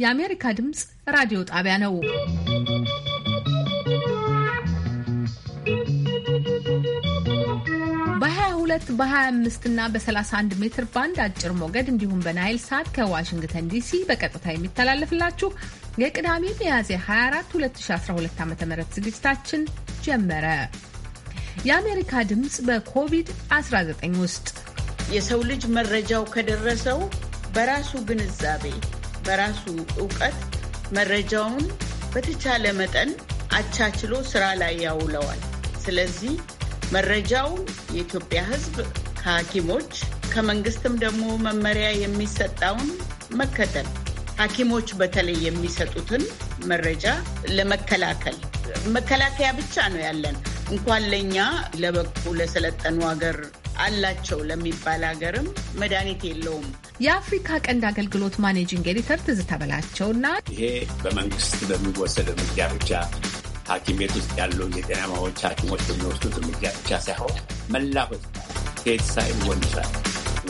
የአሜሪካ ድምፅ ራዲዮ ጣቢያ ነው። በ22 በ25 እና በ31 ሜትር ባንድ አጭር ሞገድ እንዲሁም በናይል ሳት ከዋሽንግተን ዲሲ በቀጥታ የሚተላለፍላችሁ የቅዳሜ ሚያዝያ 24 2012 ዓ ም ዝግጅታችን ጀመረ። የአሜሪካ ድምፅ በኮቪድ-19 ውስጥ የሰው ልጅ መረጃው ከደረሰው በራሱ ግንዛቤ በራሱ እውቀት መረጃውን በተቻለ መጠን አቻችሎ ስራ ላይ ያውለዋል። ስለዚህ መረጃው የኢትዮጵያ ሕዝብ ከሐኪሞች ከመንግስትም ደግሞ መመሪያ የሚሰጣውን መከተል ሐኪሞች በተለይ የሚሰጡትን መረጃ ለመከላከል መከላከያ ብቻ ነው ያለን እንኳን ለእኛ ለበቁ ለሰለጠኑ ሀገር አላቸው ለሚባል ሀገርም መድኃኒት የለውም። የአፍሪካ ቀንድ አገልግሎት ማኔጂንግ ኤዲተር ትዝታ በላቸውና ይሄ በመንግስት በሚወሰድ እርምጃ ብቻ ሐኪም ቤት ውስጥ ያሉ የጤና ማዎች ሐኪሞች የሚወስዱት እርምጃ ብቻ ሳይሆን መላበት ሴት ሳይል ወንድ ሳይል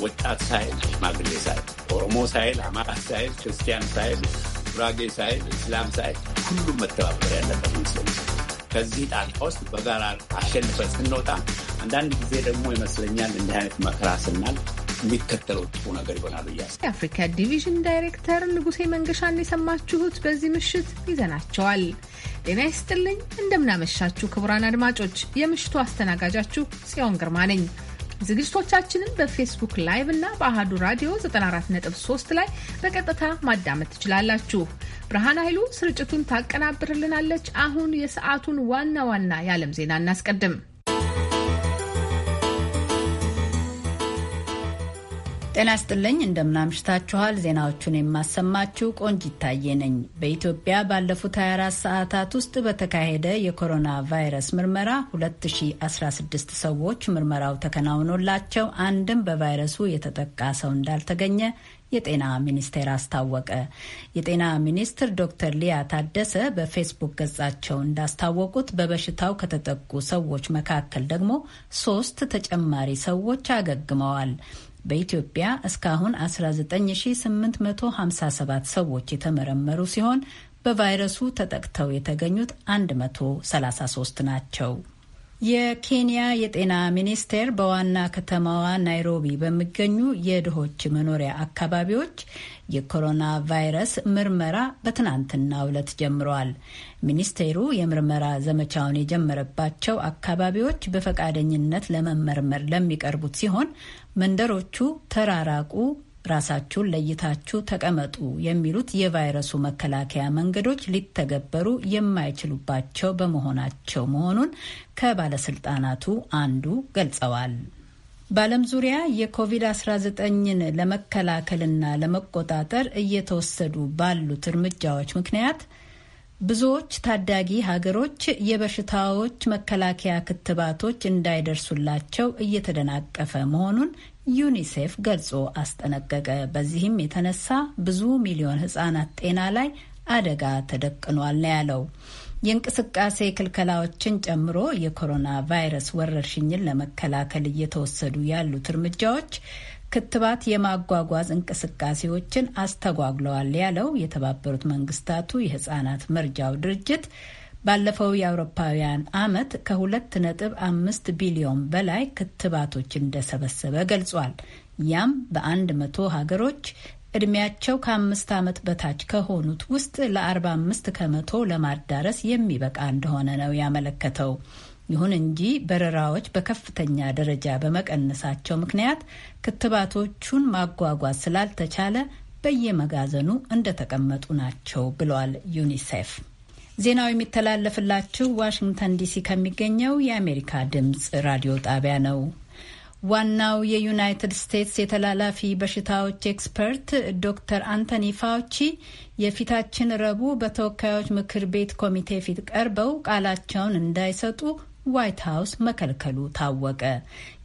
ወጣት ሳይል ሽማግሌ ሳይል ኦሮሞ ሳይል አማራ ሳይል ክርስቲያን ሳይል ጉራጌ ሳይል እስላም ሳይል ሁሉም መተባበር ያለበት ይመስለኛል። ከዚህ ጣልቃ ውስጥ በጋራ አሸንፈ ስንወጣ፣ አንዳንድ ጊዜ ደግሞ ይመስለኛል እንዲህ አይነት መከራ ስናል የሚከተለው ጥሩ ነገር ይሆናል እያስ የአፍሪካ ዲቪዥን ዳይሬክተር ንጉሴ መንገሻን የሰማችሁት በዚህ ምሽት ይዘናቸዋል። ጤና ይስጥልኝ፣ እንደምናመሻችሁ ክቡራን አድማጮች፣ የምሽቱ አስተናጋጃችሁ ጽዮን ግርማ ነኝ። ዝግጅቶቻችንን በፌስቡክ ላይቭ እና በአህዱ ራዲዮ 943 ላይ በቀጥታ ማዳመጥ ትችላላችሁ። ብርሃን ኃይሉ ስርጭቱን ታቀናብርልናለች። አሁን የሰዓቱን ዋና ዋና የዓለም ዜና እናስቀድም። ጤና ስጥልኝ እንደምናምሽታችኋል። ዜናዎቹን የማሰማችሁ ቆንጅ ይታየ ነኝ። በኢትዮጵያ ባለፉት 24 ሰዓታት ውስጥ በተካሄደ የኮሮና ቫይረስ ምርመራ 2016 ሰዎች ምርመራው ተከናውኖላቸው አንድም በቫይረሱ የተጠቃ ሰው እንዳልተገኘ የጤና ሚኒስቴር አስታወቀ። የጤና ሚኒስትር ዶክተር ሊያ ታደሰ በፌስቡክ ገጻቸው እንዳስታወቁት በበሽታው ከተጠቁ ሰዎች መካከል ደግሞ ሶስት ተጨማሪ ሰዎች አገግመዋል። በኢትዮጵያ እስካሁን 19857 ሰዎች የተመረመሩ ሲሆን በቫይረሱ ተጠቅተው የተገኙት 133 ናቸው። የኬንያ የጤና ሚኒስቴር በዋና ከተማዋ ናይሮቢ በሚገኙ የድሆች መኖሪያ አካባቢዎች የኮሮና ቫይረስ ምርመራ በትናንትናው ዕለት ጀምረዋል። ሚኒስቴሩ የምርመራ ዘመቻውን የጀመረባቸው አካባቢዎች በፈቃደኝነት ለመመርመር ለሚቀርቡት ሲሆን መንደሮቹ ተራራቁ ራሳችሁን ለይታችሁ ተቀመጡ የሚሉት የቫይረሱ መከላከያ መንገዶች ሊተገበሩ የማይችሉባቸው በመሆናቸው መሆኑን ከባለስልጣናቱ አንዱ ገልጸዋል። በዓለም ዙሪያ የኮቪድ-19ን ለመከላከልና ለመቆጣጠር እየተወሰዱ ባሉት እርምጃዎች ምክንያት ብዙዎች ታዳጊ ሀገሮች የበሽታዎች መከላከያ ክትባቶች እንዳይደርሱላቸው እየተደናቀፈ መሆኑን ዩኒሴፍ ገልጾ አስጠነቀቀ። በዚህም የተነሳ ብዙ ሚሊዮን ህጻናት ጤና ላይ አደጋ ተደቅኗል ነው ያለው። የእንቅስቃሴ ክልከላዎችን ጨምሮ የኮሮና ቫይረስ ወረርሽኝን ለመከላከል እየተወሰዱ ያሉት እርምጃዎች ክትባት የማጓጓዝ እንቅስቃሴዎችን አስተጓጉለዋል ያለው የተባበሩት መንግስታቱ የህጻናት መርጃው ድርጅት ባለፈው የአውሮፓውያን አመት ከሁለት ነጥብ አምስት ቢሊዮን በላይ ክትባቶች እንደሰበሰበ ገልጿል። ያም በአንድ መቶ ሀገሮች እድሜያቸው ከአምስት ዓመት በታች ከሆኑት ውስጥ ለ45 ከመቶ ለማዳረስ የሚበቃ እንደሆነ ነው ያመለከተው። ይሁን እንጂ በረራዎች በከፍተኛ ደረጃ በመቀነሳቸው ምክንያት ክትባቶቹን ማጓጓዝ ስላልተቻለ በየመጋዘኑ እንደተቀመጡ ናቸው ብሏል ዩኒሴፍ። ዜናው የሚተላለፍላችሁ ዋሽንግተን ዲሲ ከሚገኘው የአሜሪካ ድምፅ ራዲዮ ጣቢያ ነው። ዋናው የዩናይትድ ስቴትስ የተላላፊ በሽታዎች ኤክስፐርት ዶክተር አንቶኒ ፋውቺ የፊታችን ረቡዕ በተወካዮች ምክር ቤት ኮሚቴ ፊት ቀርበው ቃላቸውን እንዳይሰጡ ዋይት ሀውስ መከልከሉ ታወቀ።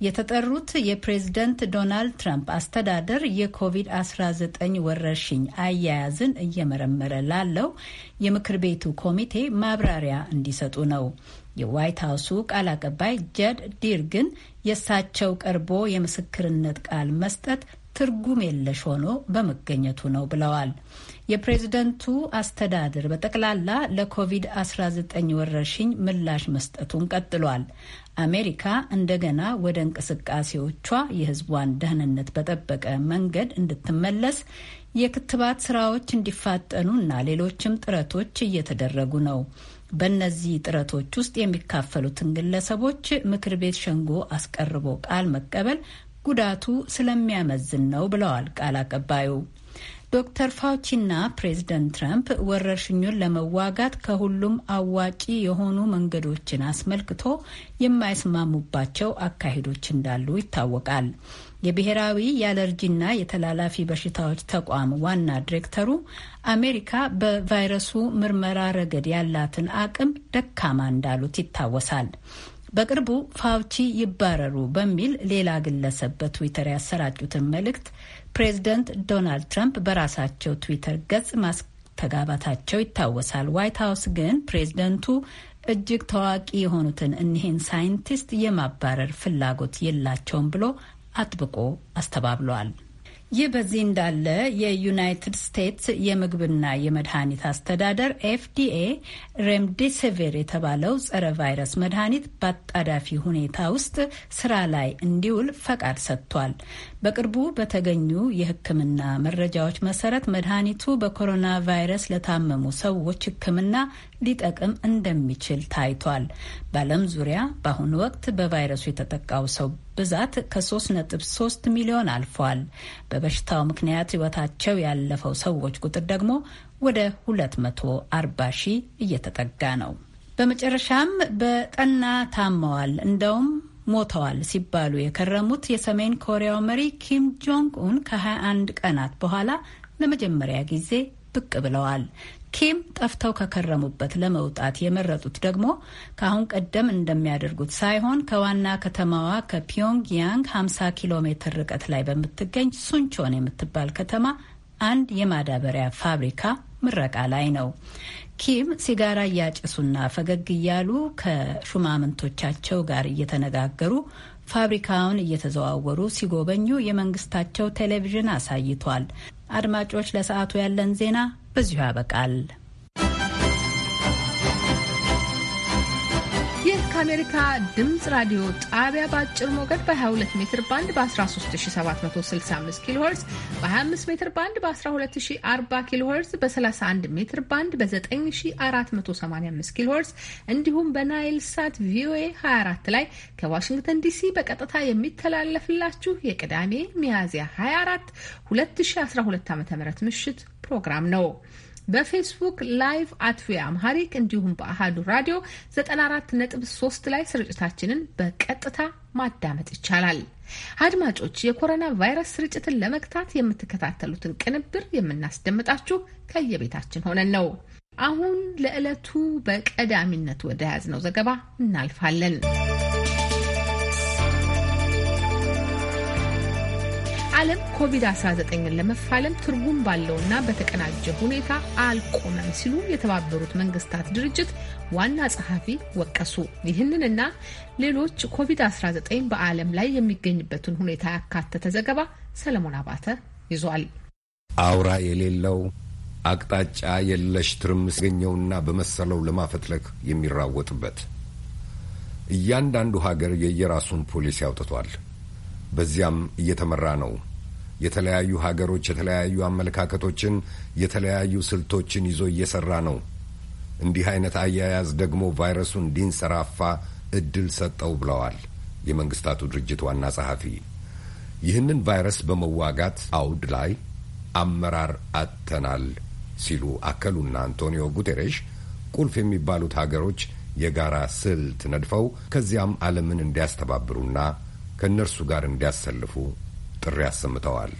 የተጠሩት የፕሬዝደንት ዶናልድ ትራምፕ አስተዳደር የኮቪድ-19 ወረርሽኝ አያያዝን እየመረመረ ላለው የምክር ቤቱ ኮሚቴ ማብራሪያ እንዲሰጡ ነው። የዋይት ሀውሱ ቃል አቀባይ ጀድ ዲር ግን የእሳቸው ቀርቦ የምስክርነት ቃል መስጠት ትርጉም የለሽ ሆኖ በመገኘቱ ነው ብለዋል። የፕሬዝደንቱ አስተዳደር በጠቅላላ ለኮቪድ-19 ወረርሽኝ ምላሽ መስጠቱን ቀጥሏል። አሜሪካ እንደገና ወደ እንቅስቃሴዎቿ የሕዝቧን ደህንነት በጠበቀ መንገድ እንድትመለስ የክትባት ስራዎች እንዲፋጠኑ እና ሌሎችም ጥረቶች እየተደረጉ ነው። በእነዚህ ጥረቶች ውስጥ የሚካፈሉትን ግለሰቦች ምክር ቤት ሸንጎ አስቀርቦ ቃል መቀበል ጉዳቱ ስለሚያመዝን ነው ብለዋል ቃል አቀባዩ። ዶክተር ፋውቺና ፕሬዚደንት ትራምፕ ወረርሽኙን ለመዋጋት ከሁሉም አዋጪ የሆኑ መንገዶችን አስመልክቶ የማይስማሙባቸው አካሄዶች እንዳሉ ይታወቃል። የብሔራዊ የአለርጂና የተላላፊ በሽታዎች ተቋም ዋና ዲሬክተሩ አሜሪካ በቫይረሱ ምርመራ ረገድ ያላትን አቅም ደካማ እንዳሉት ይታወሳል። በቅርቡ ፋውቺ ይባረሩ በሚል ሌላ ግለሰብ በትዊተር ያሰራጩትን መልእክት ፕሬዝደንት ዶናልድ ትራምፕ በራሳቸው ትዊተር ገጽ ማስተጋባታቸው ይታወሳል። ዋይት ሀውስ ግን ፕሬዝደንቱ እጅግ ታዋቂ የሆኑትን እኒህን ሳይንቲስት የማባረር ፍላጎት የላቸውም ብሎ አጥብቆ አስተባብሏል። ይህ በዚህ እንዳለ የዩናይትድ ስቴትስ የምግብና የመድኃኒት አስተዳደር ኤፍዲኤ ሬምዴሲቪር የተባለው ጸረ ቫይረስ መድኃኒት በአጣዳፊ ሁኔታ ውስጥ ስራ ላይ እንዲውል ፈቃድ ሰጥቷል። በቅርቡ በተገኙ የሕክምና መረጃዎች መሰረት መድኃኒቱ በኮሮና ቫይረስ ለታመሙ ሰዎች ሕክምና ሊጠቅም እንደሚችል ታይቷል። በዓለም ዙሪያ በአሁኑ ወቅት በቫይረሱ የተጠቃው ሰው ብዛት ከ3.3 ሚሊዮን አልፏል። በበሽታው ምክንያት ህይወታቸው ያለፈው ሰዎች ቁጥር ደግሞ ወደ 240 ሺህ እየተጠጋ ነው። በመጨረሻም በጠና ታመዋል እንደውም ሞተዋል ሲባሉ የከረሙት የሰሜን ኮሪያው መሪ ኪም ጆንግ ኡን ከ21 ቀናት በኋላ ለመጀመሪያ ጊዜ ብቅ ብለዋል። ኪም ጠፍተው ከከረሙበት ለመውጣት የመረጡት ደግሞ ከአሁን ቀደም እንደሚያደርጉት ሳይሆን ከዋና ከተማዋ ከፒዮንግያንግ 50 ኪሎ ሜትር ርቀት ላይ በምትገኝ ሱንቾን የምትባል ከተማ አንድ የማዳበሪያ ፋብሪካ ምረቃ ላይ ነው። ኪም ሲጋራ እያጨሱና ፈገግ እያሉ ከሹማምንቶቻቸው ጋር እየተነጋገሩ ፋብሪካውን እየተዘዋወሩ ሲጎበኙ የመንግስታቸው ቴሌቪዥን አሳይቷል። አድማጮች፣ ለሰዓቱ ያለን ዜና በዚሁ ያበቃል። ከአሜሪካ ድምፅ ራዲዮ ጣቢያ በአጭር ሞገድ በ22 ሜትር ባንድ በ13765 ኪሎ ሄርዝ በ25 ሜትር ባንድ በ1240 ኪሎ ሄርዝ በ31 ሜትር ባንድ በ9485 ኪሎ ሄርዝ እንዲሁም በናይል ሳት ቪኦኤ 24 ላይ ከዋሽንግተን ዲሲ በቀጥታ የሚተላለፍላችሁ የቅዳሜ ሚያዝያ 24 2012 ዓ ም ምሽት ፕሮግራም ነው። በፌስቡክ ላይቭ አት ቪኦኤ አምሃሪክ እንዲሁም በአሃዱ ራዲዮ 94.3 ላይ ስርጭታችንን በቀጥታ ማዳመጥ ይቻላል። አድማጮች፣ የኮሮና ቫይረስ ስርጭትን ለመግታት የምትከታተሉትን ቅንብር የምናስደምጣችሁ ከየቤታችን ሆነን ነው። አሁን ለዕለቱ በቀዳሚነት ወደ ያዝነው ዘገባ እናልፋለን። ዓለም ኮቪድ-19ን ለመፋለም ትርጉም ባለውና በተቀናጀ ሁኔታ አልቆመም ሲሉ የተባበሩት መንግስታት ድርጅት ዋና ጸሐፊ ወቀሱ። ይህንንና ሌሎች ኮቪድ-19 በዓለም ላይ የሚገኝበትን ሁኔታ ያካተተ ዘገባ ሰለሞን አባተ ይዟል። አውራ የሌለው አቅጣጫ የለሽ ትርምስ ገኘውና በመሰለው ለማፈትለክ የሚራወጥበት እያንዳንዱ ሀገር የየራሱን ፖሊሲ አውጥቷል። በዚያም እየተመራ ነው የተለያዩ ሀገሮች የተለያዩ አመለካከቶችን፣ የተለያዩ ስልቶችን ይዞ እየሰራ ነው። እንዲህ አይነት አያያዝ ደግሞ ቫይረሱ እንዲንሰራፋ እድል ሰጠው ብለዋል የመንግስታቱ ድርጅት ዋና ጸሐፊ። ይህንን ቫይረስ በመዋጋት አውድ ላይ አመራር አጥተናል ሲሉ አከሉና አንቶኒዮ ጉቴሬሽ ቁልፍ የሚባሉት ሀገሮች የጋራ ስልት ነድፈው ከዚያም ዓለምን እንዲያስተባብሩና ከእነርሱ ጋር እንዲያሰልፉ ጥሪ አሰምተዋል።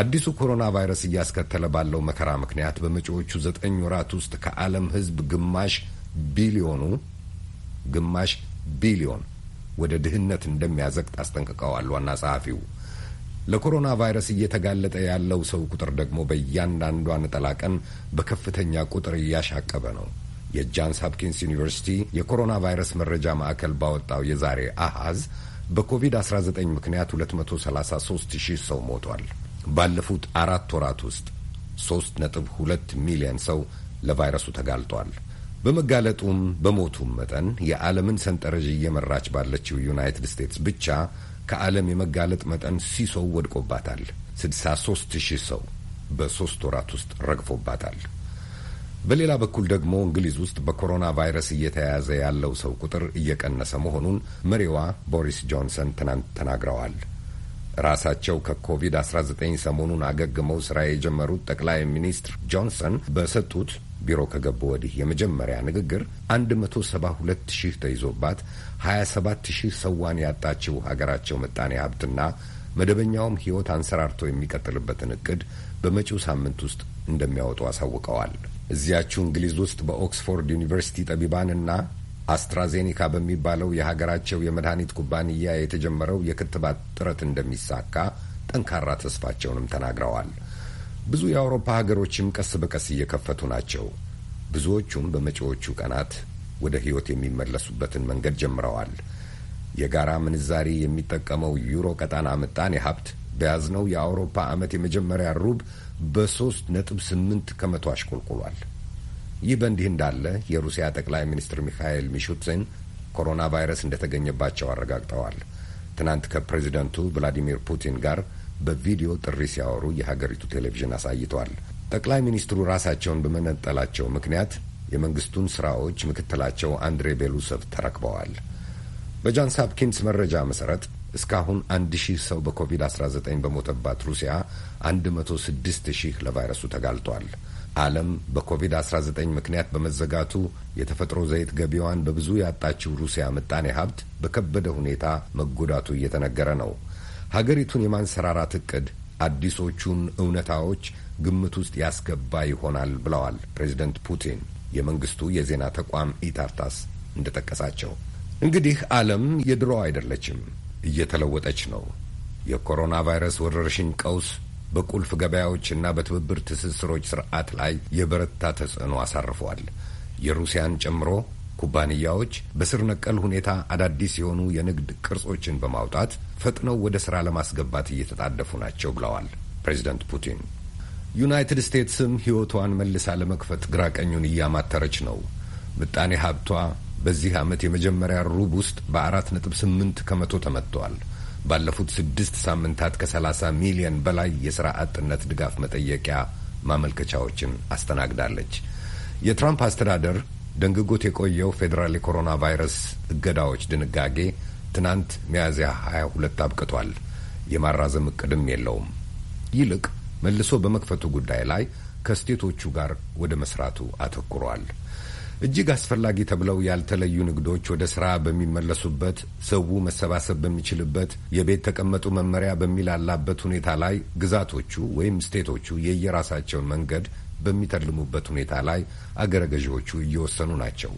አዲሱ ኮሮና ቫይረስ እያስከተለ ባለው መከራ ምክንያት በመጪዎቹ ዘጠኝ ወራት ውስጥ ከዓለም ሕዝብ ግማሽ ቢሊዮኑ ግማሽ ቢሊዮን ወደ ድህነት እንደሚያዘቅጥ አስጠንቅቀዋል ዋና ጸሐፊው። ለኮሮና ቫይረስ እየተጋለጠ ያለው ሰው ቁጥር ደግሞ በእያንዳንዷ ነጠላ ቀን በከፍተኛ ቁጥር እያሻቀበ ነው። የጃንስ ሀፕኪንስ ዩኒቨርሲቲ የኮሮና ቫይረስ መረጃ ማዕከል ባወጣው የዛሬ አሃዝ በኮቪድ-19 ምክንያት 233 ሺህ ሰው ሞቷል። ባለፉት አራት ወራት ውስጥ 3.2 ሚሊዮን ሰው ለቫይረሱ ተጋልጧል። በመጋለጡም በሞቱም መጠን የዓለምን ሰንጠረዥ እየመራች ባለችው ዩናይትድ ስቴትስ ብቻ ከዓለም የመጋለጥ መጠን ሲሶው ወድቆባታል። 63 ሺህ ሰው በሦስት ወራት ውስጥ ረግፎባታል። በሌላ በኩል ደግሞ እንግሊዝ ውስጥ በኮሮና ቫይረስ እየተያያዘ ያለው ሰው ቁጥር እየቀነሰ መሆኑን መሪዋ ቦሪስ ጆንሰን ትናንት ተናግረዋል። ራሳቸው ከኮቪድ-19 ሰሞኑን አገግመው ስራ የጀመሩት ጠቅላይ ሚኒስትር ጆንሰን በሰጡት ቢሮ ከገቡ ወዲህ የመጀመሪያ ንግግር 172 ሺህ ተይዞባት 27 ሺህ ሰዋን ያጣችው ሀገራቸው ምጣኔ ሀብትና መደበኛውም ሕይወት አንሰራርቶ የሚቀጥልበትን እቅድ በመጪው ሳምንት ውስጥ እንደሚያወጡ አሳውቀዋል። እዚያችው እንግሊዝ ውስጥ በኦክስፎርድ ዩኒቨርሲቲ ጠቢባንና አስትራዜኒካ በሚባለው የሀገራቸው የመድኃኒት ኩባንያ የተጀመረው የክትባት ጥረት እንደሚሳካ ጠንካራ ተስፋቸውንም ተናግረዋል። ብዙ የአውሮፓ ሀገሮችም ቀስ በቀስ እየከፈቱ ናቸው። ብዙዎቹም በመጪዎቹ ቀናት ወደ ሕይወት የሚመለሱበትን መንገድ ጀምረዋል። የጋራ ምንዛሪ የሚጠቀመው ዩሮ ቀጣና ምጣኔ ሀብት በያዝነው የአውሮፓ ዓመት የመጀመሪያ ሩብ በ3 ነጥብ ስምንት ከመቶ አሽቆልቁሏል። ይህ በእንዲህ እንዳለ የሩሲያ ጠቅላይ ሚኒስትር ሚካኤል ሚሹትን ኮሮና ቫይረስ እንደተገኘባቸው አረጋግጠዋል። ትናንት ከፕሬዚደንቱ ቭላዲሚር ፑቲን ጋር በቪዲዮ ጥሪ ሲያወሩ የሀገሪቱ ቴሌቪዥን አሳይቷል። ጠቅላይ ሚኒስትሩ ራሳቸውን በመነጠላቸው ምክንያት የመንግስቱን ስራዎች ምክትላቸው አንድሬ ቤሉሰቭ ተረክበዋል። በጃንስ ሀፕኪንስ መረጃ መሰረት እስካሁን አንድ ሺህ ሰው በኮቪድ-19 በሞተባት ሩሲያ 106 ሺህ ለቫይረሱ ተጋልጧል። ዓለም በኮቪድ-19 ምክንያት በመዘጋቱ የተፈጥሮ ዘይት ገቢዋን በብዙ ያጣችው ሩሲያ ምጣኔ ሀብት በከበደ ሁኔታ መጎዳቱ እየተነገረ ነው። ሀገሪቱን የማንሰራራት እቅድ አዲሶቹን እውነታዎች ግምት ውስጥ ያስገባ ይሆናል ብለዋል ፕሬዚደንት ፑቲን። የመንግስቱ የዜና ተቋም ኢታርታስ እንደጠቀሳቸው እንግዲህ ዓለም የድሮ አይደለችም። እየተለወጠች ነው። የኮሮና ቫይረስ ወረርሽኝ ቀውስ በቁልፍ ገበያዎችና በትብብር ትስስሮች ስርዓት ላይ የበረታ ተጽዕኖ አሳርፏል። የሩሲያን ጨምሮ ኩባንያዎች በስር ነቀል ሁኔታ አዳዲስ የሆኑ የንግድ ቅርጾችን በማውጣት ፈጥነው ወደ ሥራ ለማስገባት እየተጣደፉ ናቸው ብለዋል ፕሬዚደንት ፑቲን። ዩናይትድ ስቴትስም ሕይወቷን መልሳ ለመክፈት ግራ ቀኙን እያማተረች ነው። ምጣኔ ሀብቷ በዚህ ዓመት የመጀመሪያ ሩብ ውስጥ በ4.8 ከመቶ ተመጥተዋል። ባለፉት ስድስት ሳምንታት ከ30 ሚሊዮን በላይ የሥራ አጥነት ድጋፍ መጠየቂያ ማመልከቻዎችን አስተናግዳለች። የትራምፕ አስተዳደር ደንግጎት የቆየው ፌዴራል የኮሮና ቫይረስ እገዳዎች ድንጋጌ ትናንት ሚያዝያ 22 አብቅቷል። የማራዘም እቅድም የለውም። ይልቅ መልሶ በመክፈቱ ጉዳይ ላይ ከስቴቶቹ ጋር ወደ መስራቱ አተኩሯል። እጅግ አስፈላጊ ተብለው ያልተለዩ ንግዶች ወደ ስራ በሚመለሱበት፣ ሰው መሰባሰብ በሚችልበት፣ የቤት ተቀመጡ መመሪያ በሚላላበት ሁኔታ ላይ ግዛቶቹ ወይም ስቴቶቹ የየራሳቸውን መንገድ በሚተልሙበት ሁኔታ ላይ አገረ ገዢዎቹ እየወሰኑ ናቸው።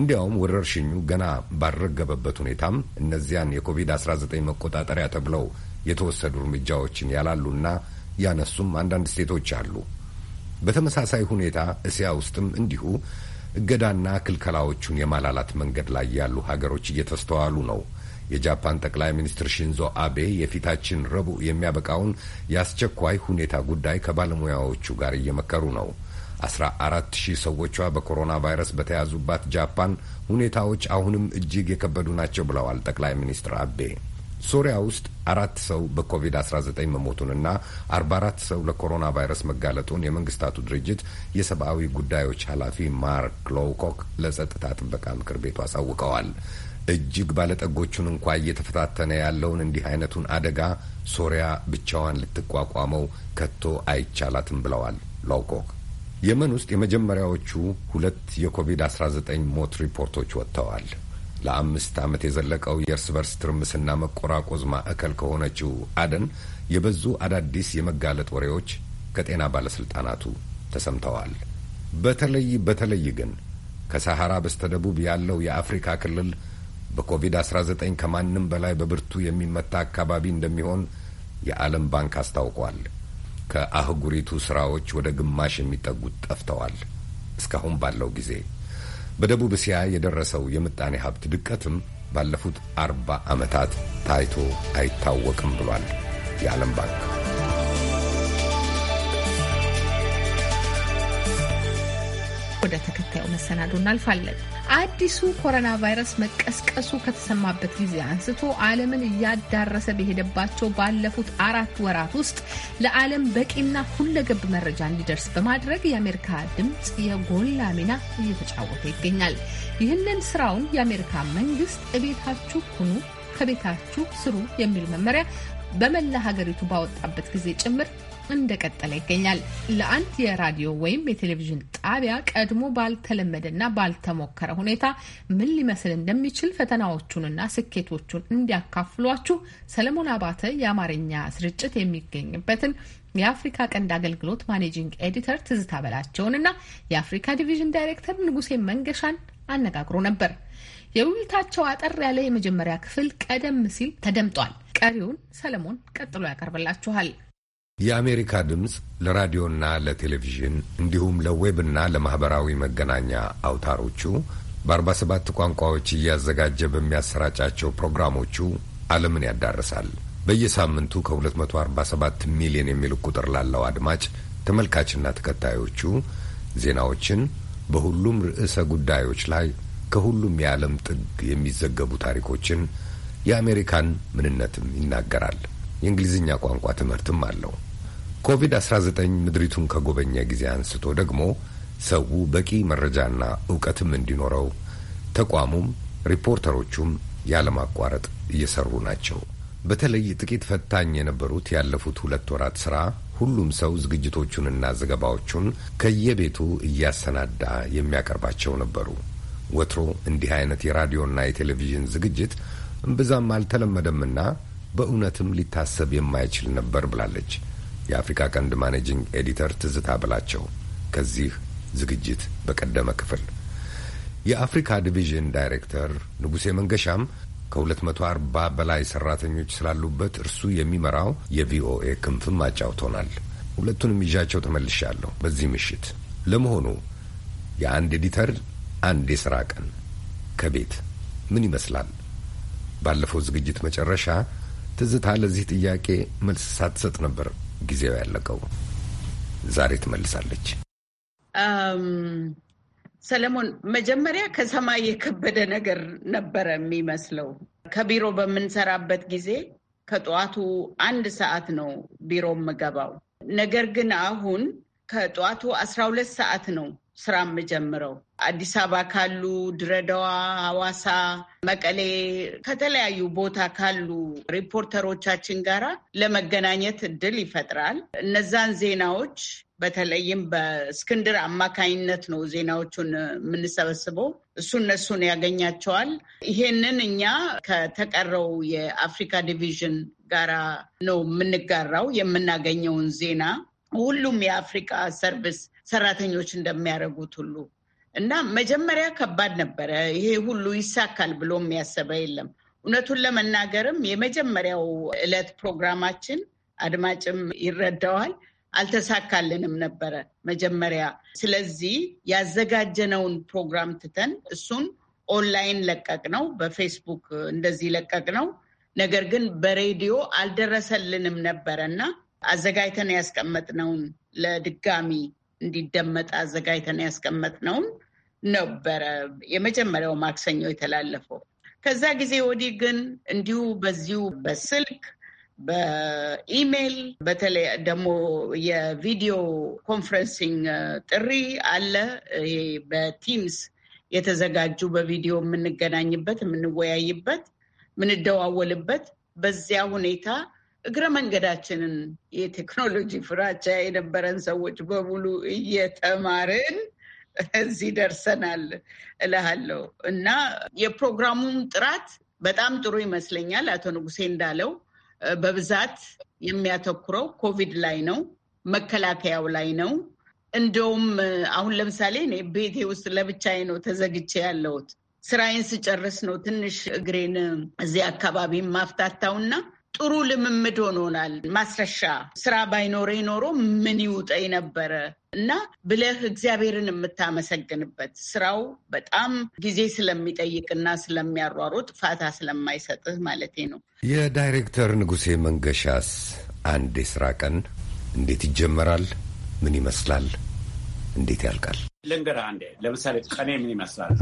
እንዲያውም ወረርሽኙ ገና ባልረገበበት ሁኔታም እነዚያን የኮቪድ-19 መቆጣጠሪያ ተብለው የተወሰዱ እርምጃዎችን ያላሉና ያነሱም አንዳንድ ስቴቶች አሉ። በተመሳሳይ ሁኔታ እስያ ውስጥም እንዲሁ እገዳና ክልከላዎቹን የማላላት መንገድ ላይ ያሉ ሀገሮች እየተስተዋሉ ነው። የጃፓን ጠቅላይ ሚኒስትር ሽንዞ አቤ የፊታችን ረቡዕ የሚያበቃውን የአስቸኳይ ሁኔታ ጉዳይ ከባለሙያዎቹ ጋር እየመከሩ ነው። አስራ አራት ሺህ ሰዎቿ በኮሮና ቫይረስ በተያዙባት ጃፓን ሁኔታዎች አሁንም እጅግ የከበዱ ናቸው ብለዋል ጠቅላይ ሚኒስትር አቤ። ሶሪያ ውስጥ አራት ሰው በኮቪድ-19 መሞቱንና 44 ሰው ለኮሮና ቫይረስ መጋለጡን የመንግስታቱ ድርጅት የሰብአዊ ጉዳዮች ኃላፊ ማርክ ሎውኮክ ለጸጥታ ጥበቃ ምክር ቤቱ አሳውቀዋል። እጅግ ባለጠጎቹን እንኳ እየተፈታተነ ያለውን እንዲህ አይነቱን አደጋ ሶሪያ ብቻዋን ልትቋቋመው ከቶ አይቻላትም ብለዋል ሎውኮክ። የመን ውስጥ የመጀመሪያዎቹ ሁለት የኮቪድ-19 ሞት ሪፖርቶች ወጥተዋል። ለአምስት ዓመት የዘለቀው የእርስ በርስ ትርምስና መቆራቆዝ ማዕከል ከሆነችው አደን የበዙ አዳዲስ የመጋለጥ ወሬዎች ከጤና ባለሥልጣናቱ ተሰምተዋል። በተለይ በተለይ ግን ከሰሐራ በስተደቡብ ያለው የአፍሪካ ክልል በኮቪድ-19 ከማንም በላይ በብርቱ የሚመታ አካባቢ እንደሚሆን የዓለም ባንክ አስታውቋል። ከአህጉሪቱ ስራዎች ወደ ግማሽ የሚጠጉት ጠፍተዋል እስካሁን ባለው ጊዜ በደቡብ እስያ የደረሰው የምጣኔ ሀብት ድቀትም ባለፉት አርባ ዓመታት ታይቶ አይታወቅም ብሏል የዓለም ባንክ። ወደ ተከታዩ መሰናዶ እናልፋለን። አዲሱ ኮሮና ቫይረስ መቀስቀሱ ከተሰማበት ጊዜ አንስቶ ዓለምን እያዳረሰ በሄደባቸው ባለፉት አራት ወራት ውስጥ ለዓለም በቂና ሁለገብ መረጃ እንዲደርስ በማድረግ የአሜሪካ ድምፅ የጎላ ሚና እየተጫወተ ይገኛል። ይህንን ስራውን የአሜሪካ መንግስት እቤታችሁ ሁኑ፣ ከቤታችሁ ስሩ የሚል መመሪያ በመላ ሀገሪቱ ባወጣበት ጊዜ ጭምር እንደቀጠለ ይገኛል። ለአንድ የራዲዮ ወይም የቴሌቪዥን ጣቢያ ቀድሞ ባልተለመደና ባልተሞከረ ሁኔታ ምን ሊመስል እንደሚችል ፈተናዎቹንና ስኬቶቹን እንዲያካፍሏችሁ ሰለሞን አባተ የአማርኛ ስርጭት የሚገኝበትን የአፍሪካ ቀንድ አገልግሎት ማኔጂንግ ኤዲተር ትዝታ በላቸውንና የአፍሪካ ዲቪዥን ዳይሬክተር ንጉሴ መንገሻን አነጋግሮ ነበር። የውይይታቸው አጠር ያለ የመጀመሪያ ክፍል ቀደም ሲል ተደምጧል። ቀሪውን ሰለሞን ቀጥሎ ያቀርብላችኋል። የአሜሪካ ድምፅ ለራዲዮና ለቴሌቪዥን እንዲሁም ለዌብና ለማኅበራዊ መገናኛ አውታሮቹ በ47 ቋንቋዎች እያዘጋጀ በሚያሰራጫቸው ፕሮግራሞቹ ዓለምን ያዳርሳል። በየሳምንቱ ከ247 ሚሊዮን የሚልቅ ቁጥር ላለው አድማጭ ተመልካችና ተከታዮቹ ዜናዎችን በሁሉም ርዕሰ ጉዳዮች ላይ ከሁሉም የዓለም ጥግ የሚዘገቡ ታሪኮችን፣ የአሜሪካን ምንነትም ይናገራል። የእንግሊዝኛ ቋንቋ ትምህርትም አለው። ኮቪድ-19 ምድሪቱን ከጎበኘ ጊዜ አንስቶ ደግሞ ሰው በቂ መረጃና እውቀትም እንዲኖረው ተቋሙም ሪፖርተሮቹም ያለማቋረጥ እየሰሩ ናቸው። በተለይ ጥቂት ፈታኝ የነበሩት ያለፉት ሁለት ወራት ስራ ሁሉም ሰው ዝግጅቶቹንና ዘገባዎቹን ከየቤቱ እያሰናዳ የሚያቀርባቸው ነበሩ። ወትሮ እንዲህ አይነት የራዲዮና የቴሌቪዥን ዝግጅት እምብዛም አልተለመደምና በእውነትም ሊታሰብ የማይችል ነበር ብላለች የአፍሪካ ቀንድ ማኔጂንግ ኤዲተር ትዝታ ብላቸው ከዚህ ዝግጅት በቀደመ ክፍል የአፍሪካ ዲቪዥን ዳይሬክተር ንጉሴ መንገሻም ከ240 በላይ ሰራተኞች ስላሉበት እርሱ የሚመራው የቪኦኤ ክንፍም አጫውቶናል። ሁለቱንም ይዣቸው ተመልሻለሁ በዚህ ምሽት። ለመሆኑ የአንድ ኤዲተር አንድ የሥራ ቀን ከቤት ምን ይመስላል? ባለፈው ዝግጅት መጨረሻ ትዝታ ለዚህ ጥያቄ መልስ ሳትሰጥ ነበር። ጊዜው ያለቀው ዛሬ ትመልሳለች። ሰለሞን፣ መጀመሪያ ከሰማይ የከበደ ነገር ነበረ የሚመስለው። ከቢሮ በምንሰራበት ጊዜ ከጠዋቱ አንድ ሰዓት ነው ቢሮ የምገባው። ነገር ግን አሁን ከጠዋቱ አስራ ሁለት ሰዓት ነው ስራ የምጀምረው አዲስ አበባ ካሉ፣ ድሬዳዋ፣ ሐዋሳ፣ መቀሌ ከተለያዩ ቦታ ካሉ ሪፖርተሮቻችን ጋራ ለመገናኘት እድል ይፈጥራል። እነዛን ዜናዎች በተለይም በእስክንድር አማካኝነት ነው ዜናዎቹን የምንሰበስበው። እሱ እነሱን ያገኛቸዋል። ይሄንን እኛ ከተቀረው የአፍሪካ ዲቪዥን ጋራ ነው የምንጋራው የምናገኘውን ዜና ሁሉም የአፍሪካ ሰርቪስ ሰራተኞች እንደሚያደርጉት ሁሉ እና መጀመሪያ ከባድ ነበረ። ይሄ ሁሉ ይሳካል ብሎ የሚያሰበ የለም። እውነቱን ለመናገርም የመጀመሪያው ዕለት ፕሮግራማችን አድማጭም ይረዳዋል አልተሳካልንም ነበረ መጀመሪያ። ስለዚህ ያዘጋጀነውን ፕሮግራም ትተን እሱን ኦንላይን ለቀቅ ነው፣ በፌስቡክ እንደዚህ ለቀቅ ነው። ነገር ግን በሬዲዮ አልደረሰልንም ነበረ እና አዘጋጅተን ያስቀመጥነውን ለድጋሚ እንዲደመጥ አዘጋጅተን ያስቀመጥነውም ነበረ የመጀመሪያው ማክሰኞ የተላለፈው። ከዛ ጊዜ ወዲህ ግን እንዲሁ በዚሁ በስልክ በኢሜይል በተለይ ደግሞ የቪዲዮ ኮንፈረንሲንግ ጥሪ አለ። ይሄ በቲምስ የተዘጋጁ በቪዲዮ የምንገናኝበት፣ የምንወያይበት፣ የምንደዋወልበት በዚያ ሁኔታ እግረ መንገዳችንን የቴክኖሎጂ ፍራቻ የነበረን ሰዎች በሙሉ እየተማርን እዚህ ደርሰናል እልሃለሁ እና የፕሮግራሙም ጥራት በጣም ጥሩ ይመስለኛል። አቶ ንጉሴ እንዳለው በብዛት የሚያተኩረው ኮቪድ ላይ ነው፣ መከላከያው ላይ ነው። እንደውም አሁን ለምሳሌ እኔ ቤቴ ውስጥ ለብቻዬ ነው ተዘግቼ ያለሁት። ስራዬን ስጨርስ ነው ትንሽ እግሬን እዚህ አካባቢ ማፍታታውና ጥሩ ልምምድ ሆኖናል። ማስረሻ ስራ ባይኖሬ ኖሮ ምን ይውጠኝ ነበረ እና ብለህ እግዚአብሔርን የምታመሰግንበት ስራው በጣም ጊዜ ስለሚጠይቅና ስለሚያሯሩጥ ፋታ ስለማይሰጥህ ማለቴ ነው። የዳይሬክተር ንጉሴ መንገሻስ አንድ የስራ ቀን እንዴት ይጀመራል? ምን ይመስላል? እንዴት ያልቃል? ልንገርህ አንዴ ለምሳሌ ቀኔ ምን ይመስላል?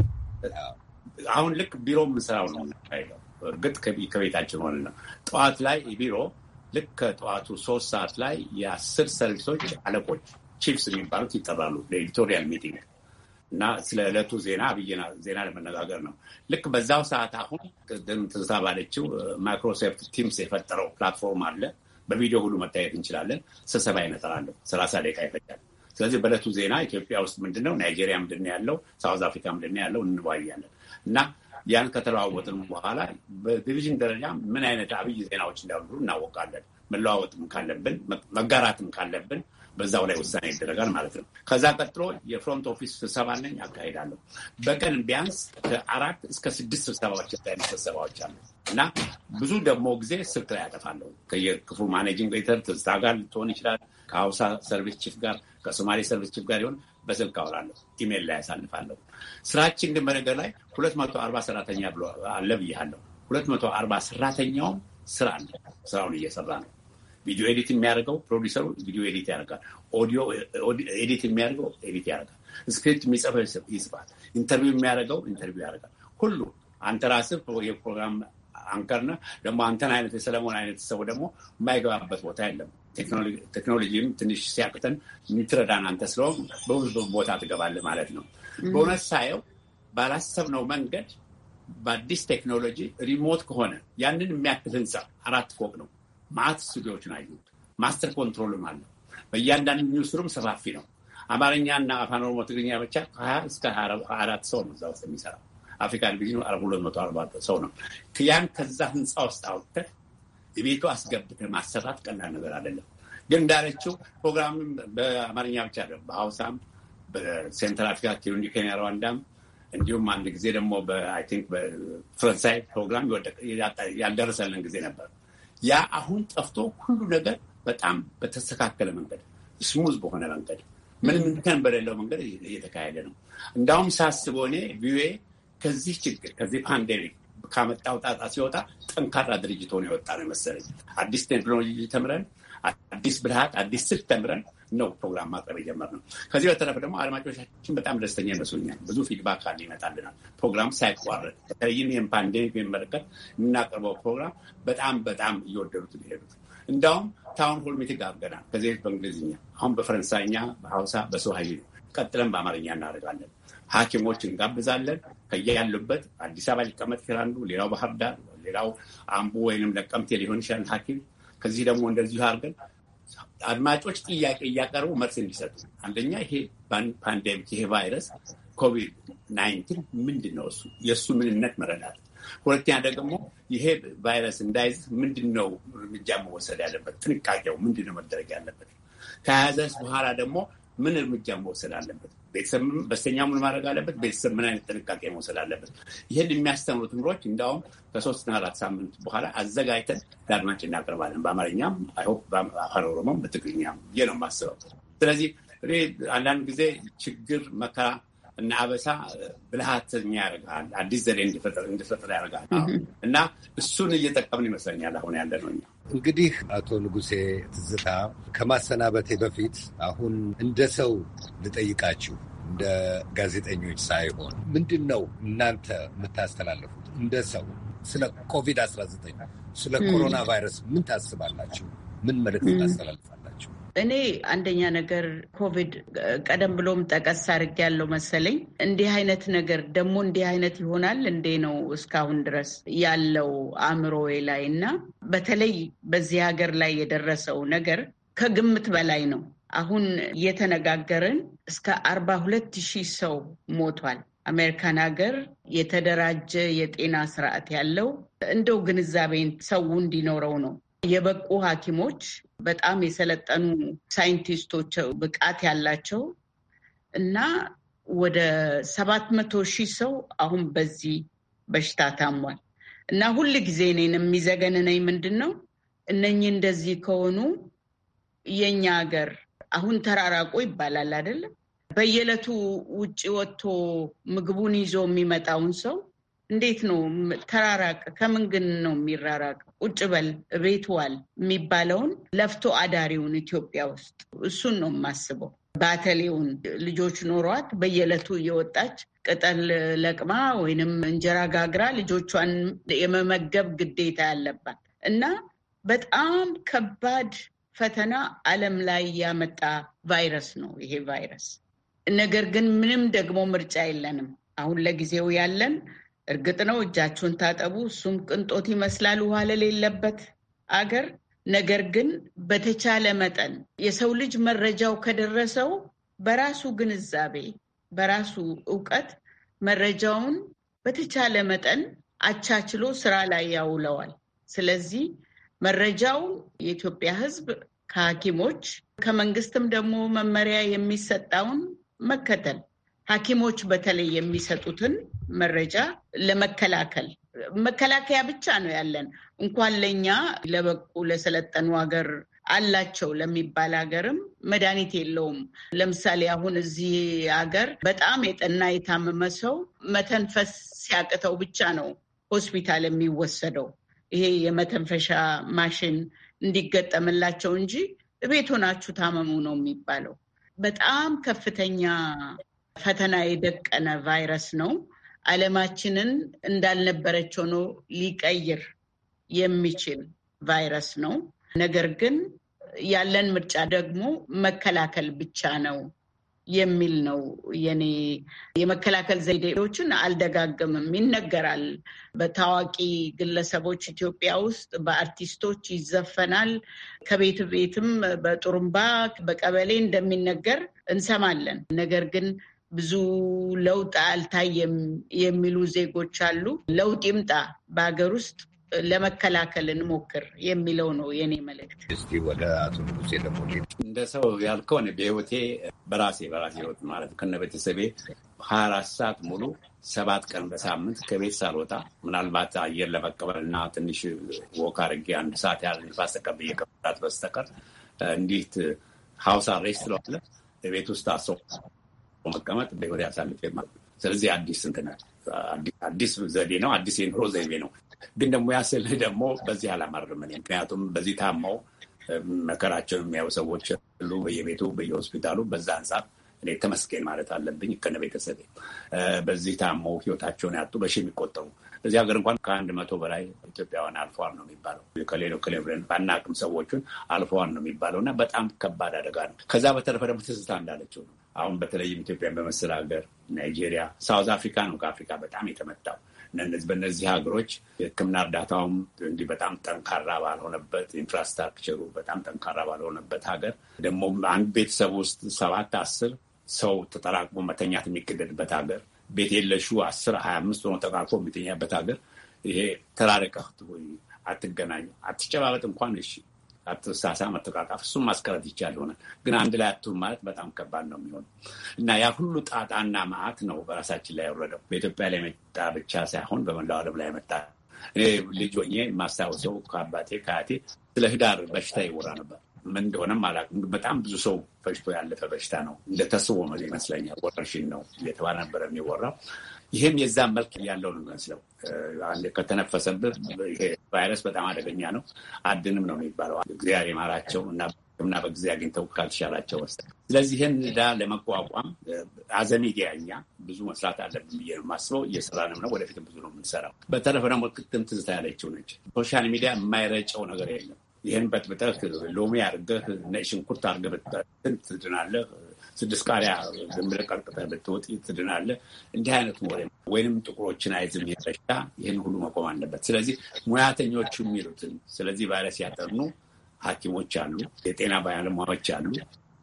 አሁን ልክ ቢሮ የምሰራው ነው እርግጥ ከቤታችን ሆነ ነው። ጠዋት ላይ ቢሮ ልክ ከጠዋቱ ሶስት ሰዓት ላይ የአስር ሰርቪሶች አለቆች ቺፍስ የሚባሉት ይጠራሉ ለኤዲቶሪያል ሚቲንግ እና ስለ ዕለቱ ዜና አብይ ዜና ለመነጋገር ነው። ልክ በዛው ሰዓት አሁን ቅድም ትዝታ ባለችው ማይክሮሶፍት ቲምስ የፈጠረው ፕላትፎርም አለ። በቪዲዮ ሁሉ መታየት እንችላለን። ስብሰባ አይነት ሰላሳ ደቂቃ ይፈጃል። ስለዚህ በዕለቱ ዜና ኢትዮጵያ ውስጥ ምንድነው፣ ናይጄሪያ ምንድን ያለው፣ ሳውዝ አፍሪካ ምንድን ያለው እንዋያለን እና ያን ከተለዋወጥን በኋላ በዲቪዥን ደረጃ ምን አይነት አብይ ዜናዎች እንዳሉ እናወቃለን። መለዋወጥም ካለብን መጋራትም ካለብን በዛው ላይ ውሳኔ ይደረጋል ማለት ነው። ከዛ ቀጥሎ የፍሮንት ኦፊስ ስብሰባ ነኝ አካሄዳለሁ። በቀን ቢያንስ ከአራት እስከ ስድስት ስብሰባዎች ላይ ስብሰባዎች አሉ እና ብዙ ደግሞ ጊዜ ስልክ ላይ ያጠፋለሁ። ከየክፍሉ ማኔጂንግ ሬተር ትዝታ ጋር ልትሆን ይችላል፣ ከሀውሳ ሰርቪስ ቺፍ ጋር፣ ከሶማሌ ሰርቪስ ቺፍ ጋር ይሆን በስልክ አወራለሁ፣ ኢሜል ላይ ያሳልፋለሁ። ስራችን ግን በነገር ላይ ሁለት መቶ አርባ ሰራተኛ ብሎ አለ ብያለሁ። ሁለት መቶ አርባ ሰራተኛውም ስራ አለ፣ ስራውን እየሰራ ነው። ቪዲዮ ኤዲት የሚያደርገው ፕሮዲሰሩ ቪዲዮ ኤዲት ያደርጋል። ኦዲዮ ኤዲት የሚያደርገው ኤዲት ያደርጋል። ስክሪፕት የሚጽፈው ይጽፋል። ኢንተርቪው የሚያደርገው ኢንተርቪው ያደርጋል። ሁሉ አንተ ራስህ የፕሮግራም አንከርነ ደግሞ አንተን አይነት የሰለሞን አይነት ሰው ደግሞ የማይገባበት ቦታ የለም። ቴክኖሎጂም ትንሽ ሲያቅተን የምትረዳን አንተ ስለሆን በብዙ ቦታ ትገባለህ ማለት ነው። በእውነት ሳየው ባላሰብነው መንገድ በአዲስ ቴክኖሎጂ ሪሞት ከሆነ ያንን የሚያክል ህንፃ አራት ፎቅ ነው። ማት ስቱዲዮች አየሁት። ማስተር ኮንትሮልም አለው። በእያንዳንዱ ኒውስሩም ሰፋፊ ነው። አማርኛና አፋን ኦሮሞ፣ ትግርኛ ብቻ ከሀያ እስከ አራት ሰው ነው እዛ ውስጥ የሚሰራው። አፍሪካ ዲቪዥን ሁለት መቶ አርባ ሰው ነው። ያን ከዛ ህንፃ ውስጥ አውጥተህ ቤቱ አስገብተህ ማሰራት ቀላል ነገር አይደለም። ግን እንዳለችው ፕሮግራምም በአማርኛ ብቻ አይደለም፣ በሀውሳም፣ በሴንትራል አፍሪካ ቲሩንዲ፣ ኬንያ፣ ሩዋንዳም እንዲሁም አንድ ጊዜ ደግሞ አይ ቲንክ በፈረንሳይ ፕሮግራም ያልደረሰልን ጊዜ ነበር። ያ አሁን ጠፍቶ ሁሉ ነገር በጣም በተስተካከለ መንገድ ስሙዝ በሆነ መንገድ ምንም እንከን በሌለው መንገድ እየተካሄደ ነው። እንዳውም ሳስበው እኔ ቪኦኤ ከዚህ ችግር ከዚህ ፓንዴሚክ ካመጣው ጣጣ ሲወጣ ጠንካራ ድርጅት ሆኖ የወጣ ነው መሰለኝ። አዲስ ቴክኖሎጂ ተምረን፣ አዲስ ብልሃት፣ አዲስ ስልት ተምረን ነው ፕሮግራም ማቅረብ የጀመርነው። ከዚህ በተረፈ ደግሞ አድማጮቻችን በጣም ደስተኛ ይመስሉኛል። ብዙ ፊድባክ አለ ይመጣልናል። ፕሮግራም ሳይቋረጥ በተለይም ይህም ፓንዴሚክ የሚመለከት የምናቀርበው ፕሮግራም በጣም በጣም እየወደዱት ሄዱት። እንዲሁም ታውን ሆል ሚቲንግ አድርገናል። ከዚህ በእንግሊዝኛ፣ አሁን በፈረንሳይኛ፣ በሀውሳ፣ በሶሃሂሊ ቀጥለን በአማርኛ እናደርጋለን። ሐኪሞች እንጋብዛለን። ከያሉበት አዲስ አበባ ሊቀመጥ ይችላሉ። ሌላው ባህር ዳር፣ ሌላው አምቦ ወይንም ለቀምቴ ሊሆን ይችላል ሐኪም ከዚህ ደግሞ እንደዚሁ አድርገን አድማጮች ጥያቄ እያቀረቡ መልስ እንዲሰጡ። አንደኛ ይሄ ፓንዴሚክ ይሄ ቫይረስ ኮቪድ ናይንቲን ምንድን ነው እሱ የእሱ ምንነት መረዳት። ሁለተኛ ደግሞ ይሄ ቫይረስ እንዳይዝ ምንድን ነው እርምጃ መወሰድ ያለበት፣ ጥንቃቄው ምንድን ነው መደረግ ያለበት፣ ከያዘስ በኋላ ደግሞ ምን እርምጃ መውሰድ አለበት? ቤተሰብ በስተኛ ምን ማድረግ አለበት? ቤተሰብ ምን አይነት ጥንቃቄ መውሰድ አለበት? ይህን የሚያስተምሩ ትምህሮች እንዲሁም ከሶስትና አራት ሳምንት በኋላ አዘጋጅተን ለአድማጭ እናቀርባለን። በአማርኛም አይሆፕ በአፋን ኦሮሞም በትግርኛም ብዬ ነው የማስበው። ስለዚህ አንዳንድ ጊዜ ችግር፣ መከራ እና አበሳ ብልሃተኛ ያደርግሃል፣ አዲስ ዘዴ እንድፈጥር ያደርጋል። እና እሱን እየጠቀምን ይመስለኛል አሁን ያለ ነው እኛ እንግዲህ አቶ ንጉሴ ትዝታ ከማሰናበቴ በፊት አሁን እንደ ሰው ልጠይቃችሁ እንደ ጋዜጠኞች ሳይሆን ምንድን ነው እናንተ የምታስተላለፉት? እንደ ሰው ስለ ኮቪድ-19 ስለ ኮሮና ቫይረስ ምን ታስባላችሁ? ምን መልዕክት ታስተላልፋል? እኔ አንደኛ ነገር ኮቪድ ቀደም ብሎም ጠቀስ አድርግ ያለው መሰለኝ እንዲህ አይነት ነገር ደግሞ እንዲህ አይነት ይሆናል እንዴ ነው እስካሁን ድረስ ያለው አእምሮዬ ላይ እና በተለይ በዚህ ሀገር ላይ የደረሰው ነገር ከግምት በላይ ነው። አሁን እየተነጋገርን እስከ አርባ ሁለት ሺህ ሰው ሞቷል። አሜሪካን ሀገር የተደራጀ የጤና ስርዓት ያለው እንደው ግንዛቤን ሰው እንዲኖረው ነው የበቁ ሐኪሞች በጣም የሰለጠኑ ሳይንቲስቶች ብቃት ያላቸው እና ወደ ሰባት መቶ ሺህ ሰው አሁን በዚህ በሽታ ታሟል እና ሁል ጊዜ እኔን የሚዘገንነኝ ምንድን ነው እነኚህ እንደዚህ ከሆኑ የኛ ሀገር አሁን ተራራቆ ይባላል አይደለም በየዕለቱ ውጭ ወጥቶ ምግቡን ይዞ የሚመጣውን ሰው እንዴት ነው ተራራቅ? ከምን ግን ነው የሚራራቅ? ቁጭ በል ቤትዋል የሚባለውን ለፍቶ አዳሪውን ኢትዮጵያ ውስጥ እሱን ነው የማስበው። ባተሌውን ልጆች ኖሯት በየዕለቱ እየወጣች ቅጠል ለቅማ ወይንም እንጀራ ጋግራ ልጆቿን የመመገብ ግዴታ ያለባት እና በጣም ከባድ ፈተና ዓለም ላይ ያመጣ ቫይረስ ነው ይሄ ቫይረስ። ነገር ግን ምንም ደግሞ ምርጫ የለንም። አሁን ለጊዜው ያለን እርግጥ ነው እጃችሁን ታጠቡ፣ እሱም ቅንጦት ይመስላል ውሃ ለሌለበት አገር። ነገር ግን በተቻለ መጠን የሰው ልጅ መረጃው ከደረሰው በራሱ ግንዛቤ፣ በራሱ እውቀት መረጃውን በተቻለ መጠን አቻችሎ ስራ ላይ ያውለዋል። ስለዚህ መረጃው የኢትዮጵያ ሕዝብ ከሐኪሞች ከመንግስትም ደግሞ መመሪያ የሚሰጣውን መከተል ሐኪሞች በተለይ የሚሰጡትን መረጃ ለመከላከል መከላከያ ብቻ ነው ያለን። እንኳን ለእኛ ለበቁ ለሰለጠኑ ሀገር አላቸው ለሚባል ሀገርም መድኃኒት የለውም። ለምሳሌ አሁን እዚህ ሀገር በጣም የጠና የታመመ ሰው መተንፈስ ሲያቅተው ብቻ ነው ሆስፒታል የሚወሰደው። ይሄ የመተንፈሻ ማሽን እንዲገጠምላቸው እንጂ ቤት ሆናችሁ ታመሙ ነው የሚባለው። በጣም ከፍተኛ ፈተና የደቀነ ቫይረስ ነው። ዓለማችንን እንዳልነበረች ሆኖ ሊቀይር የሚችል ቫይረስ ነው። ነገር ግን ያለን ምርጫ ደግሞ መከላከል ብቻ ነው የሚል ነው። የኔ የመከላከል ዘዴዎችን አልደጋግምም፣ ይነገራል። በታዋቂ ግለሰቦች ኢትዮጵያ ውስጥ በአርቲስቶች ይዘፈናል። ከቤት ቤትም በጡሩምባ በቀበሌ እንደሚነገር እንሰማለን። ነገር ግን ብዙ ለውጥ አልታየም የሚሉ ዜጎች አሉ። ለውጥ ይምጣ በሀገር ውስጥ ለመከላከል እንሞክር የሚለው ነው የኔ መልእክት። እስቲ ወደ አቶ ንጉሴ ደግሞ እንደ ሰው ያልከውን በህይወቴ በራሴ በራሴ ህይወት ማለት ከነ ቤተሰቤ ሀያ አራት ሰዓት ሙሉ ሰባት ቀን በሳምንት ከቤት ሳልወጣ ምናልባት አየር ለመቀበል እና ትንሽ ወክ አድርጌ አንድ ሰዓት ያህል ንፋስ ተቀብዬ ከመጣት በስተቀር እንዲህ ሀውስ አሬስት ስለዋለ ቤት ውስጥ አስሮ መቀመጥ በህይወት ያሳልፍ ማለት ነው። ስለዚህ አዲስ እንትን አዲስ ዘዴ ነው፣ አዲስ የኑሮ ዘይቤ ነው። ግን ደግሞ ያስልህ ደግሞ በዚህ አላማርም እኔ ምክንያቱም በዚህ ታመው መከራቸውን የሚያዩ ሰዎች ሁሉ በየቤቱ በየሆስፒታሉ፣ በዛ አንጻር እኔ ተመስገን ማለት አለብኝ ከነ ቤተሰቤ። በዚህ ታመው ህይወታቸውን ያጡ በሺ የሚቆጠሩ እዚህ ሀገር እንኳን ከአንድ መቶ በላይ ኢትዮጵያውያን አልፈዋል ነው የሚባለው። ከሌሎ ክሌብረን ብለን ባናቅም ሰዎቹን አልፈዋል ነው የሚባለው እና በጣም ከባድ አደጋ ነው። ከዛ በተረፈ ደግሞ ትዝታ እንዳለችው ነው አሁን በተለይም ኢትዮጵያን በመሰል ሀገር ናይጄሪያ፣ ሳውዝ አፍሪካ ነው ከአፍሪካ በጣም የተመታው። በእነዚህ ሀገሮች የሕክምና እርዳታውም እንዲህ በጣም ጠንካራ ባልሆነበት ኢንፍራስትራክቸሩ በጣም ጠንካራ ባልሆነበት ሀገር ደግሞ አንድ ቤተሰብ ውስጥ ሰባት አስር ሰው ተጠራቅሞ መተኛት የሚገደድበት ሀገር ቤት የለሹ አስር ሀያ አምስት ሆኖ ተቃርፎ የሚተኛበት ሀገር ይሄ ተራረቀህ አትገናኙ አትጨባበጥ እንኳን እሺ አትሳሳ መተቃቃፍ፣ እሱም ማስቀረት ይቻል ይሆናል። ግን አንድ ላይ አትሁን ማለት በጣም ከባድ ነው የሚሆን እና ያ ሁሉ ጣጣና መዓት ነው በራሳችን ላይ ያወረደው። በኢትዮጵያ ላይ መጣ ብቻ ሳይሆን በመላው ዓለም ላይ መጣ። እኔ ልጅ ሆኜ የማስታውሰው ከአባቴ ከአያቴ ስለ ህዳር በሽታ ይወራ ነበር። ምን እንደሆነም አላውቅም። በጣም ብዙ ሰው በሽቶ ያለፈ በሽታ ነው። እንደ ተስቦ መ ይመስለኛል ወረርሽኝ ነው እየተባለ ነበር የሚወራው ይህም የዛን መልክ ያለው ነው የሚመስለው። ከተነፈሰብህ ይሄ ቫይረስ በጣም አደገኛ ነው፣ አድንም ነው የሚባለው። እግዚአብሔር ይማራቸው እና ሕክምና በጊዜ አግኝተው ካልተሻላቸው ወስደ ስለዚህ ይህን እዳ ለመቋቋም አዘሚዲያ እኛ ብዙ መስራት አለብን ብዬ ነው የማስበው። እየሰራንም ነው፣ ወደፊት ብዙ ነው የምንሰራው። በተረፈ ደግሞ ክትም ትዝታ ያለችው ነች። ሶሻል ሚዲያ የማይረጨው ነገር የለም። ይህን በጥብጠህ ሎሚ አድርገህ ነጭ ሽንኩርት አድርገህ ትድናለህ፣ ስድስት ቃሪያ ዝም ብለህ ብትወጥ ትድናለ። እንዲህ አይነት ወሬ ወይንም ጥቁሮችን አይዝም በሽታ ይህን ሁሉ መቆም አለበት። ስለዚህ ሙያተኞቹ የሚሉትን ስለዚህ ቫይረስ ያጠኑ ሐኪሞች አሉ፣ የጤና ባለሙያዎች አሉ።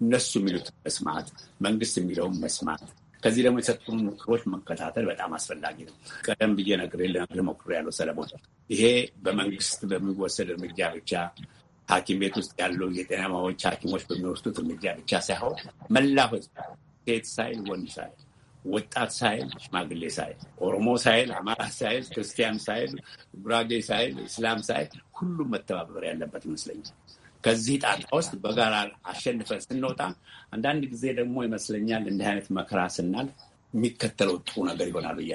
እነሱ የሚሉትን መስማት፣ መንግስት የሚለውን መስማት ከዚህ ደግሞ የሰጡን ምክሮች መከታተል በጣም አስፈላጊ ነው። ቀደም ብዬ ነግሬ ለነግር ሞክሬ ያለው ሰለሞን፣ ይሄ በመንግስት በሚወሰድ እርምጃ ብቻ ሐኪም ቤት ውስጥ ያለው የጤና ማዎች ሐኪሞች በሚወስዱት እርምጃ ብቻ ሳይሆን መላ ሕዝብ ሴት ሳይል ወንድ ሳይል ወጣት ሳይል ሽማግሌ ሳይል ኦሮሞ ሳይል አማራ ሳይል ክርስቲያን ሳይል ጉራጌ ሳይል እስላም ሳይል ሁሉም መተባበር ያለበት ይመስለኛል። ከዚህ ጣጣ ውስጥ በጋራ አሸንፈን ስንወጣ አንዳንድ ጊዜ ደግሞ ይመስለኛል እንዲህ አይነት መከራ ስናል የሚከተለው ጥሩ ነገር ይሆናል ብዬ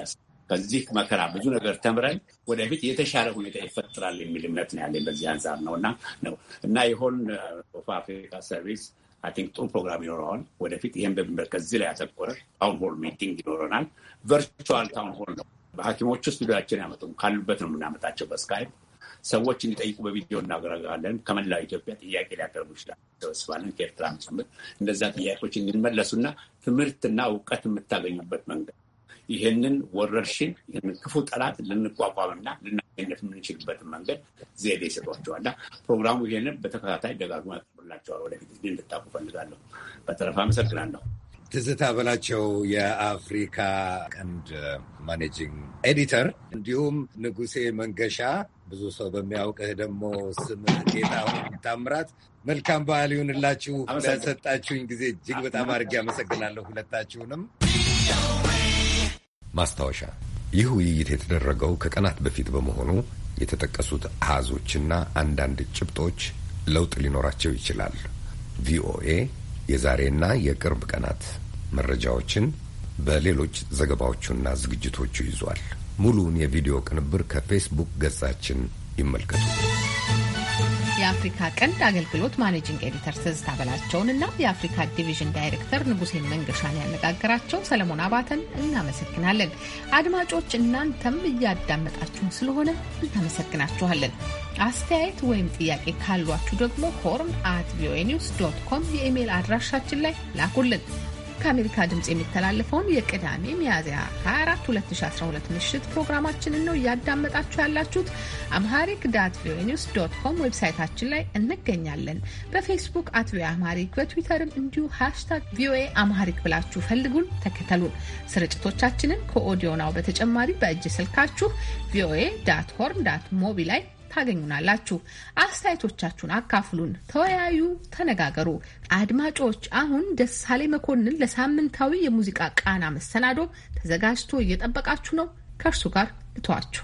ከዚህ መከራ ብዙ ነገር ተምረን ወደፊት የተሻለ ሁኔታ ይፈጥራል የሚል እምነት ነው ያለኝ። በዚህ አንጻር ነው እና ነው እና የሆን ኦፍ አፍሪካ ሰርቪስ አይ ቲንክ ጥሩ ፕሮግራም ይኖረዋል ወደፊት። ይህን በሚመለከት እዚህ ላይ ያተኮረ ታውን ሆል ሚቲንግ ይኖረናል። ቨርቹዋል ታውን ሆል ነው። በሐኪሞቹ ስቱዲዮችን ያመጡም ካሉበት ነው የምናመጣቸው በስካይፕ ሰዎች እንዲጠይቁ በቪዲዮ እናገረጋለን። ከመላው ኢትዮጵያ ጥያቄ ሊያቀርቡ ይችላል። ተወስባለን ከኤርትራም ጭምር እንደዛ ጥያቄዎች እንዲመለሱና ትምህርትና እውቀት የምታገኙበት መንገድ ይህንን ወረርሽኝ ይህንን ክፉ ጠላት ልንቋቋምና ልናሸንፍ የምንችልበትን መንገድ ዘዴ ይሰጧቸዋልና ፕሮግራሙ ይህንን በተከታታይ ደጋግሞ ያቀርብላቸዋል። ወደፊት እንግዲህ እንድታቁ ፈልጋለሁ። በተረፈ አመሰግናለሁ። ትዝታ በላቸው የአፍሪካ ቀንድ ማኔጂንግ ኤዲተር፣ እንዲሁም ንጉሴ መንገሻ ብዙ ሰው በሚያውቅህ ደግሞ ስም ጌታሁን ታምራት፣ መልካም በዓል ይሁንላችሁ። ለሰጣችሁኝ ጊዜ እጅግ በጣም አድርጌ አመሰግናለሁ ሁለታችሁንም። ማስታወሻ ይህ ውይይት የተደረገው ከቀናት በፊት በመሆኑ የተጠቀሱት አሃዞችና አንዳንድ ጭብጦች ለውጥ ሊኖራቸው ይችላል። ቪኦኤ የዛሬና የቅርብ ቀናት መረጃዎችን በሌሎች ዘገባዎቹና ዝግጅቶቹ ይዟል። ሙሉውን የቪዲዮ ቅንብር ከፌስቡክ ገጻችን ይመልከቱ። የአፍሪካ ቀንድ አገልግሎት ማኔጂንግ ኤዲተር ትዝታ በላቸውን እና የአፍሪካ ዲቪዥን ዳይሬክተር ንጉሴን መንገሻን ያነጋግራቸው ሰለሞን አባተን እናመሰግናለን። አድማጮች እናንተም እያዳመጣችሁን ስለሆነ እናመሰግናችኋለን። አስተያየት ወይም ጥያቄ ካሏችሁ ደግሞ ሆርን አት ቪኦኤ ኒውስ ዶት ኮም የኢሜይል አድራሻችን ላይ ላኩልን። ከአሜሪካ ድምፅ የሚተላለፈውን የቅዳሜ ሚያዝያ 24 2012 ምሽት ፕሮግራማችንን ነው እያዳመጣችሁ ያላችሁት። አምሃሪክ ዳት ቪኦኤ ኒውስ ዶት ኮም ዌብሳይታችን ላይ እንገኛለን። በፌስቡክ አት ቪኦኤ አምሃሪክ፣ በትዊተርም እንዲሁ ሃሽታግ ቪኦኤ አምሃሪክ ብላችሁ ፈልጉን፣ ተከተሉን። ስርጭቶቻችንን ከኦዲዮ ናው በተጨማሪ በእጅ ስልካችሁ ቪኦኤ ዳት ሆርን ዳት ሞቢ ላይ ታገኙናላችሁ። አስተያየቶቻችሁን አካፍሉን፣ ተወያዩ፣ ተነጋገሩ። አድማጮች፣ አሁን ደሳሌ መኮንን ለሳምንታዊ የሙዚቃ ቃና መሰናዶ ተዘጋጅቶ እየጠበቃችሁ ነው። ከእርሱ ጋር ልተዋችሁ።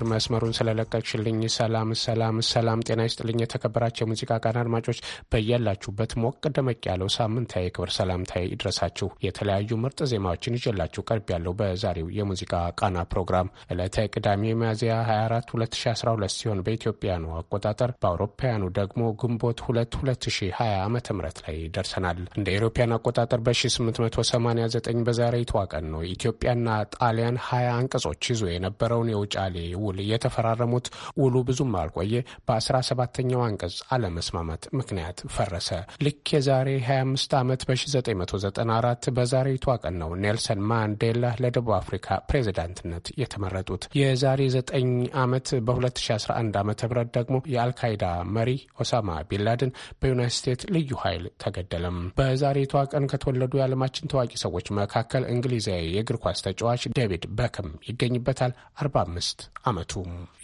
ር መስመሩን ስለለቀችልኝ ሰላም ሰላም ሰላም። ጤና ይስጥልኝ የተከበራቸው የሙዚቃ ቃና አድማጮች በያላችሁበት ሞቅ ደመቅ ያለው ሳምንታዊ የክብር ሰላምታዬ ይድረሳችሁ። የተለያዩ ምርጥ ዜማዎችን ይዤላችሁ ቀርብ ያለው በዛሬው የሙዚቃ ቃና ፕሮግራም ዕለተ ቅዳሜ ሚያዝያ 24 2012 ሲሆን በኢትዮጵያኑ አቆጣጠር በአውሮፓውያኑ ደግሞ ግንቦት 2 2020 ዓ ም ላይ ደርሰናል። እንደ አውሮፓውያን አቆጣጠር በ1889 በዛሬ ተዋቀን ነው ኢትዮጵያና ጣሊያን 20 አንቀጾች ይዞ የነበረውን የውጫሌ ውል የተፈራረሙት ውሉ ብዙም አልቆየ በአስራ ሰባተኛው አንቀጽ አለመስማማት ምክንያት ፈረሰ። ልክ የዛሬ 25 ዓመት በ1994 በዛሬቷ ቀን ነው ኔልሰን ማንዴላ ለደቡብ አፍሪካ ፕሬዚዳንትነት የተመረጡት። የዛሬ 9 ዓመት በ2011 ዓ ም ደግሞ የአልካይዳ መሪ ኦሳማ ቢንላድን በዩናይት ስቴትስ ልዩ ኃይል ተገደለም። በዛሬቷ ቀን ከተወለዱ የዓለማችን ታዋቂ ሰዎች መካከል እንግሊዛዊ የእግር ኳስ ተጫዋች ዴቪድ በክም ይገኝበታል። 45 አመቱ።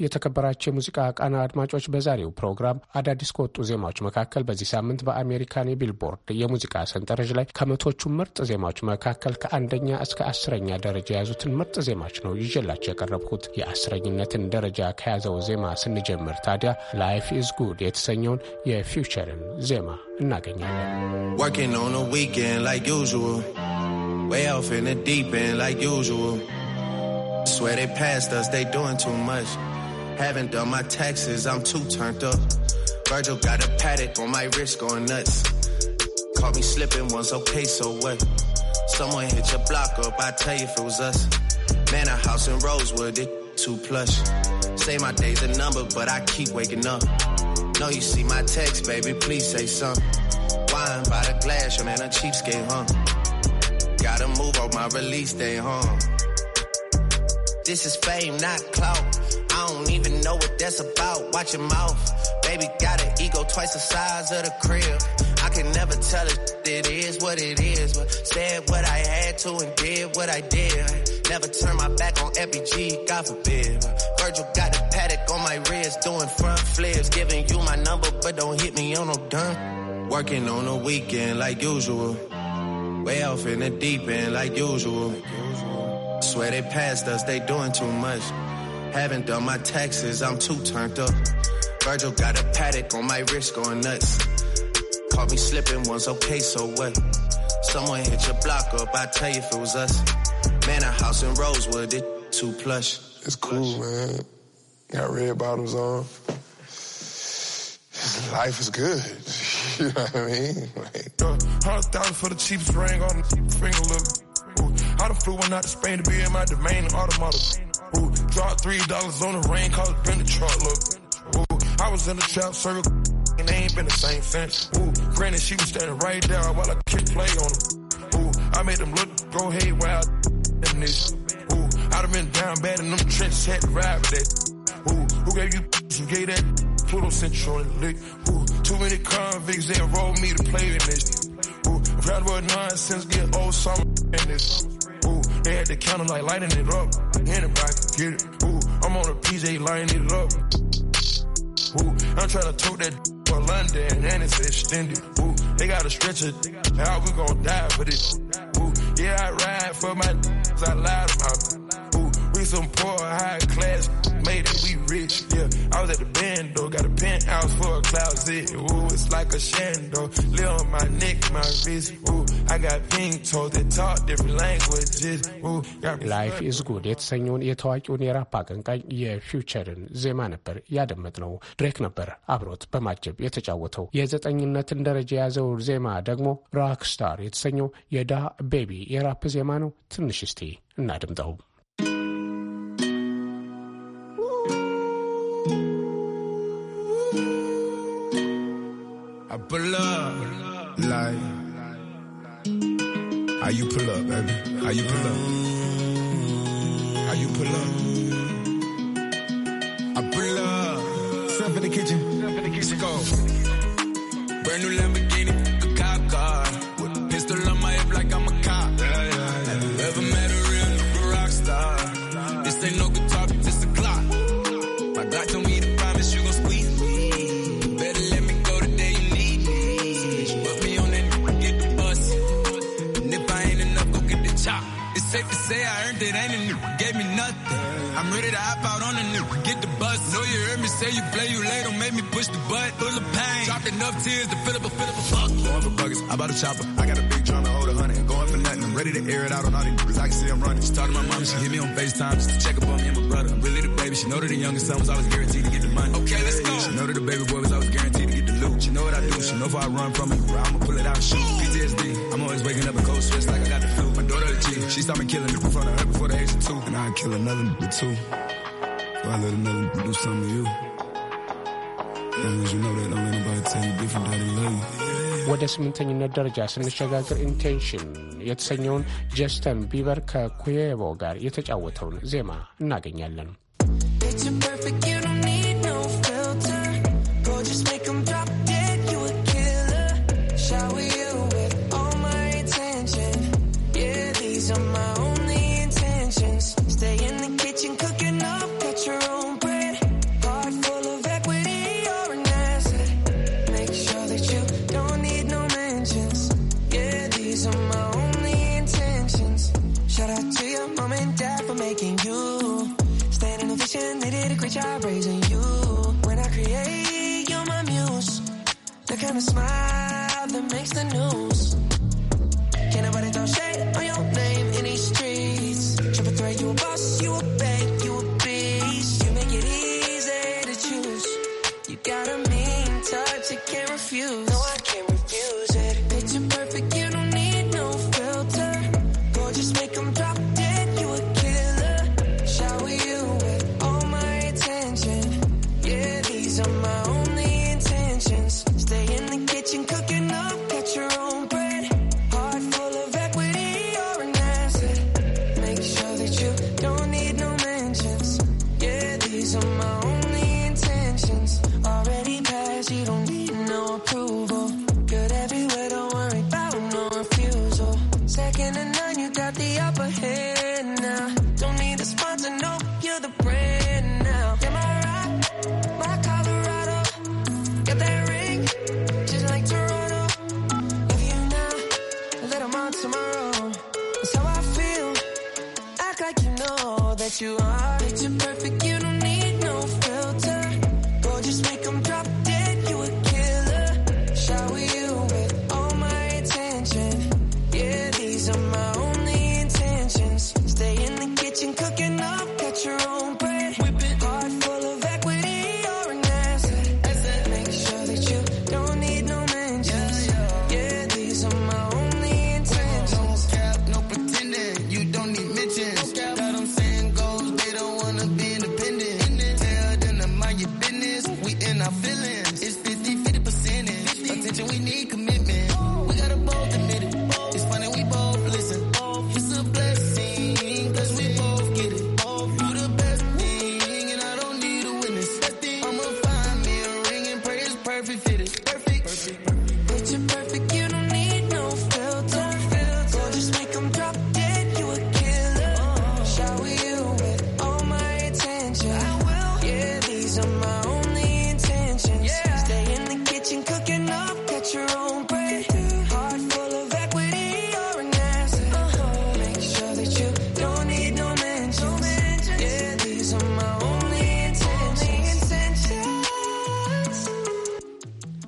የተከበራቸው የሙዚቃ ቃና አድማጮች፣ በዛሬው ፕሮግራም አዳዲስ ከወጡ ዜማዎች መካከል በዚህ ሳምንት በአሜሪካን የቢልቦርድ የሙዚቃ ሰንጠረዥ ላይ ከመቶቹ ምርጥ ዜማዎች መካከል ከአንደኛ እስከ አስረኛ ደረጃ የያዙትን ምርጥ ዜማዎች ነው ይዤላቸው የቀረብኩት። የአስረኝነትን ደረጃ ከያዘው ዜማ ስንጀምር ታዲያ ላይፍ ኢዝ ጉድ የተሰኘውን የፊውቸርን ዜማ እናገኛለን። Swear they passed us, they doing too much. Haven't done my taxes, I'm too turned up. Virgil got a paddock on my wrist going nuts. Caught me slipping once, okay, so what? Someone hit your block up, I tell you if it was us. Man, a house in Rosewood, it too plush. Say my day's a number, but I keep waking up. Know you see my text, baby, please say something. Wine by the glass, your man a cheapskate, huh? Gotta move on my release day, huh? This is fame, not clout. I don't even know what that's about. Watch your mouth. Baby got an ego twice the size of the crib. I can never tell it, it is what it is. But said what I had to and did what I did. Never turn my back on FBG, God forbid. Virgil got a paddock on my wrist, doing front flips. Giving you my number, but don't hit me on no dumb. Working on the weekend like usual. Way off in the deep end like usual. Like usual. Swear they passed us, they doing too much. Haven't done my taxes, I'm too turned up. Virgil got a paddock on my wrist going nuts. Caught me slipping once, okay, so what? Someone hit your block up, I tell you if it was us. Man, a house in Rosewood, it too plush. It's cool, man. Got red bottoms on. Life is good. you know what I mean? Like, hundred thousand for the cheapest ring on the finger, look. I done flew one out to Spain to be in my domain and automata. Ooh, dropped three dollars on the rain, cause it been the truck, look. Ooh, I was in the trap circle, and they ain't been the same since. Ooh, granted, she was standing right there while I kicked play on them. Ooh, I made them look, go while wild, them this. Ooh, I done been down bad in them trenches, had to ride with that. Ooh, who gave you some gay that? Pluto Central and lick. Ooh, too many convicts, they enrolled me to play in this. Ooh, round about nonsense, get old summer in this. They had the counter like lighting it up. Anybody can get it. Ooh, I'm on a PJ lighting it up. Ooh, I'm trying to tote that for London and it's extended. Ooh, they got a stretcher. How we gon' die for this? Ooh, yeah, I ride for my. I lie to Ooh, we some poor high class. made it, we rich, yeah. I was at the band, though, got a penthouse for a closet, ooh, it's like a shando. Live on my neck, my wrist, ooh, I got pink toes that talk different languages, ooh. got Life is ላይፍ ኢዝ ጉድ የተሰኘውን የታዋቂውን የራፕ አቀንቃኝ የፊውቸርን ዜማ ነበር ያደመጥነው። ድሬክ ነበር አብሮት በማጀብ የተጫወተው። የዘጠኝነትን ደረጃ የያዘው ዜማ ደግሞ ራክስታር የተሰኘው የዳ ቤቢ የራፕ ዜማ ነው። ትንሽ እስቲ እናድምጠው። pull up? Like, how you pull up, baby? How you pull up? How you pull up? I pull up. Step in the kitchen. Step in the kitchen. Let's go. Brand new Lamborghini. Say you play, you late, don't make me push the butt. Full of pain. Dropped enough tears to fill up a fill up a fuck. Going for buggers, I bought a chopper. I got a big drum to hold a hundred. Going for nothing, I'm ready to air it out on all these niggas. I can see I'm running. She talked to my mom, she hit me on FaceTime just to check up on me and my brother. I'm really the baby. She know that the youngest son was always guaranteed to get the money. Okay, let's go. She know that the baby boy was always guaranteed to get the loot. She know what I do. She know if I run from it, I'ma pull it out and shoot. PTSD, I'm always waking up in cold sweats like I got the flu. My daughter the G. she started killing it in front of her before the age of two. And I'd kill another nigga too. I let another do something to you. ወደ ስምንተኝነት ደረጃ ስንሸጋገር ኢንቴንሽን የተሰኘውን ጀስተን ቢበር ከኩዬቦ ጋር የተጫወተውን ዜማ እናገኛለን።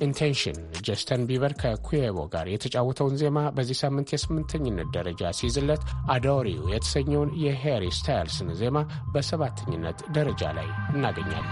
ኢንቴንሽን ጀስተን ቢበር ከኩዌቦ ጋር የተጫወተውን ዜማ በዚህ ሳምንት የስምንተኝነት ደረጃ ሲይዝለት አዳሪው የተሰኘውን የሄሪ ስታይልስን ዜማ በሰባተኝነት ደረጃ ላይ እናገኛለን።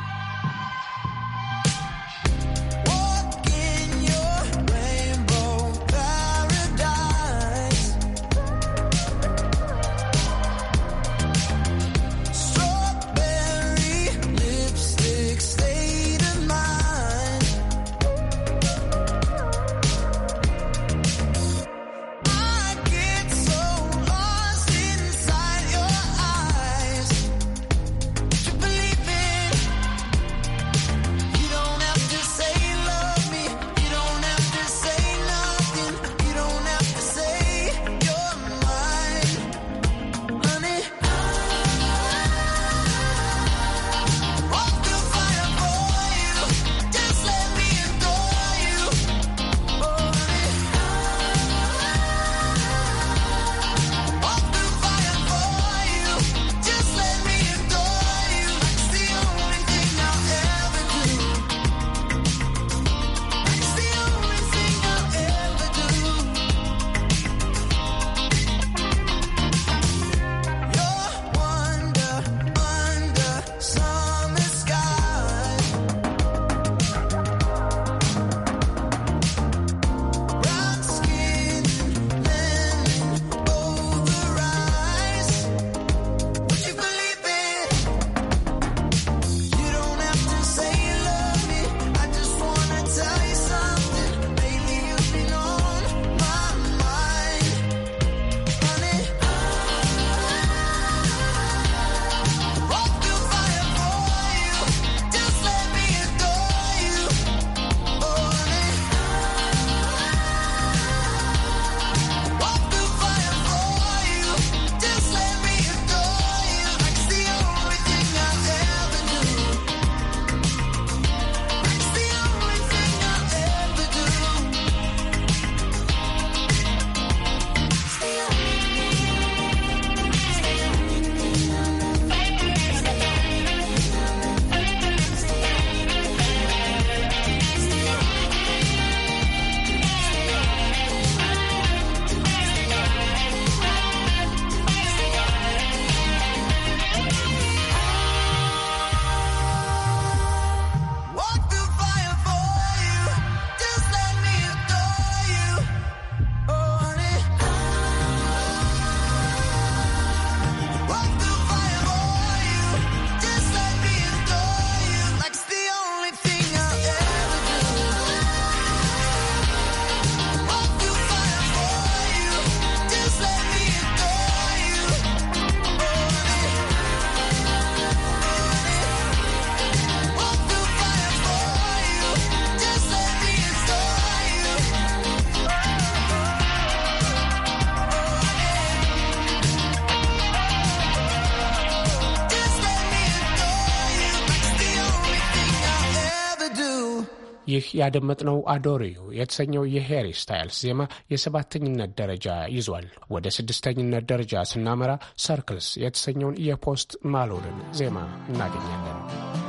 ያደመጥነው አዶሪዩ የተሰኘው የሄሪ ስታይልስ ዜማ የሰባተኝነት ደረጃ ይዟል። ወደ ስድስተኝነት ደረጃ ስናመራ ሰርክልስ የተሰኘውን የፖስት ማሎንን ዜማ እናገኛለን።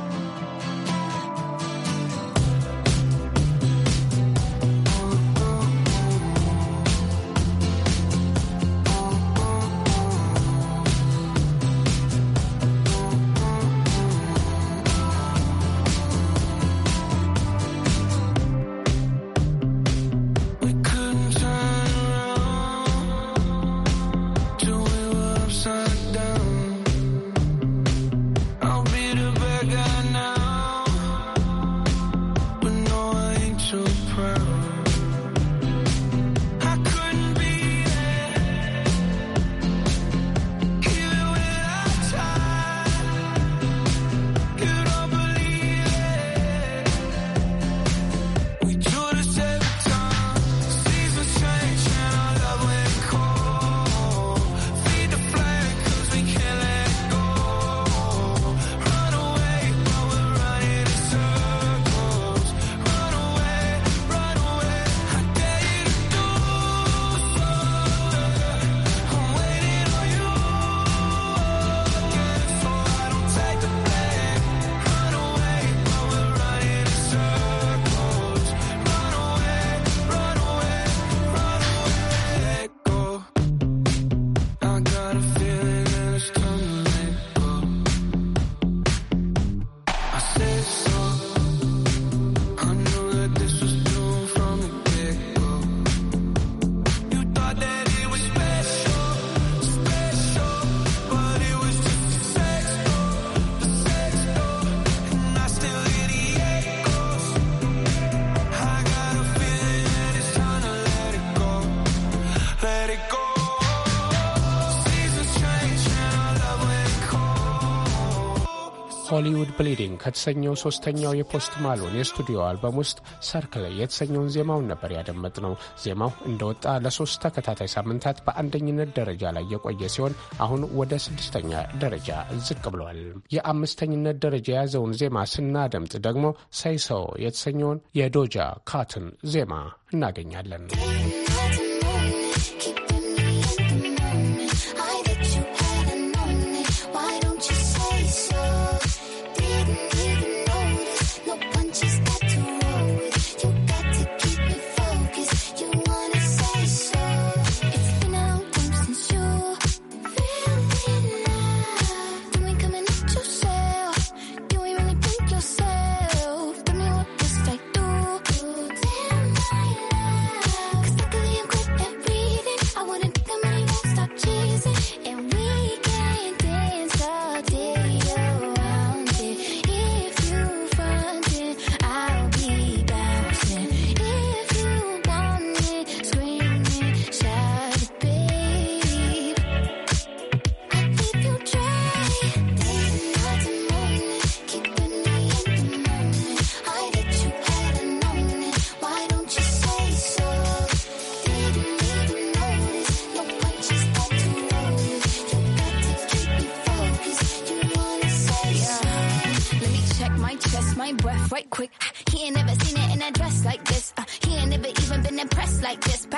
ሆሊውድ ብሊዲንግ ከተሰኘው ሶስተኛው የፖስት ማሎን የስቱዲዮ አልበም ውስጥ ሰርክል የተሰኘውን ዜማውን ነበር ያደመጥ ነው። ዜማው እንደወጣ ለሶስት ተከታታይ ሳምንታት በአንደኝነት ደረጃ ላይ የቆየ ሲሆን አሁን ወደ ስድስተኛ ደረጃ ዝቅ ብሏል። የአምስተኝነት ደረጃ የያዘውን ዜማ ስናደምጥ ደግሞ ሳይሰው የተሰኘውን የዶጃ ካትን ዜማ እናገኛለን።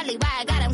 Cali, why I gotta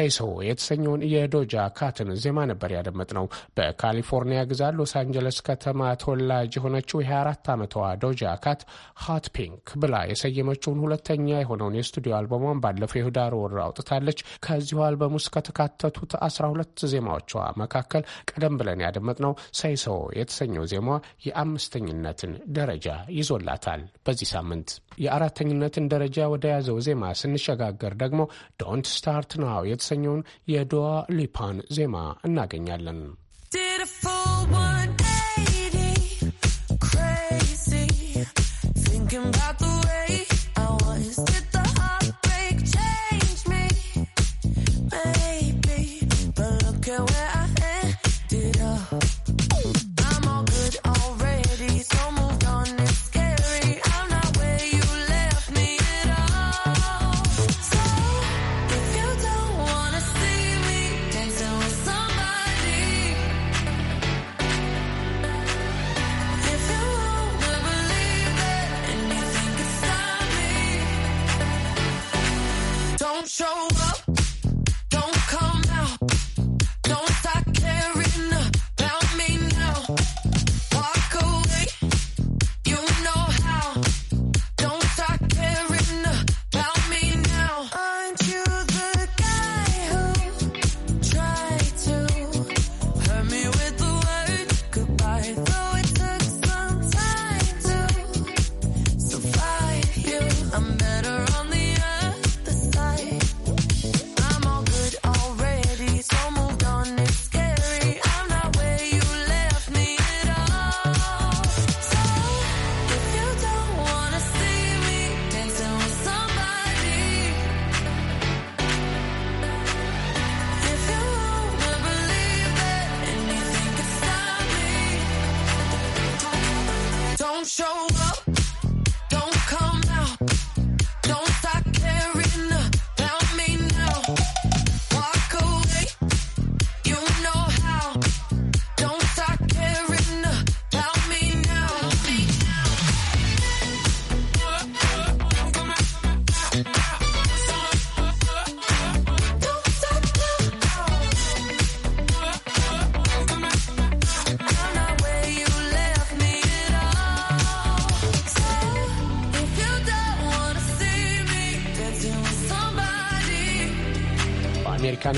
ሳይሶ የተሰኘውን የዶጃ ካትን ዜማ ነበር ያደመጥነው። በካሊፎርኒያ ግዛት ሎስ አንጀለስ ከተማ ተወላጅ የሆነችው የ24 ዓመቷ ዶጃ ካት ሃት ፒንክ ብላ የሰየመችውን ሁለተኛ የሆነውን የስቱዲዮ አልበሟን ባለፈው የህዳር ወር አውጥታለች። ከዚሁ አልበም ውስጥ ከተካተቱት 12 ዜማዎቿ መካከል ቀደም ብለን ያደመጥነው ሳይሶ የተሰኘው ዜማ የአምስተኝነትን ደረጃ ይዞላታል በዚህ ሳምንት የአራተኝነትን ደረጃ ወደ ያዘው ዜማ ስንሸጋገር ደግሞ ዶንት ስታርት ናው የተሰኘውን የዶዋ ሊፓን ዜማ እናገኛለን። So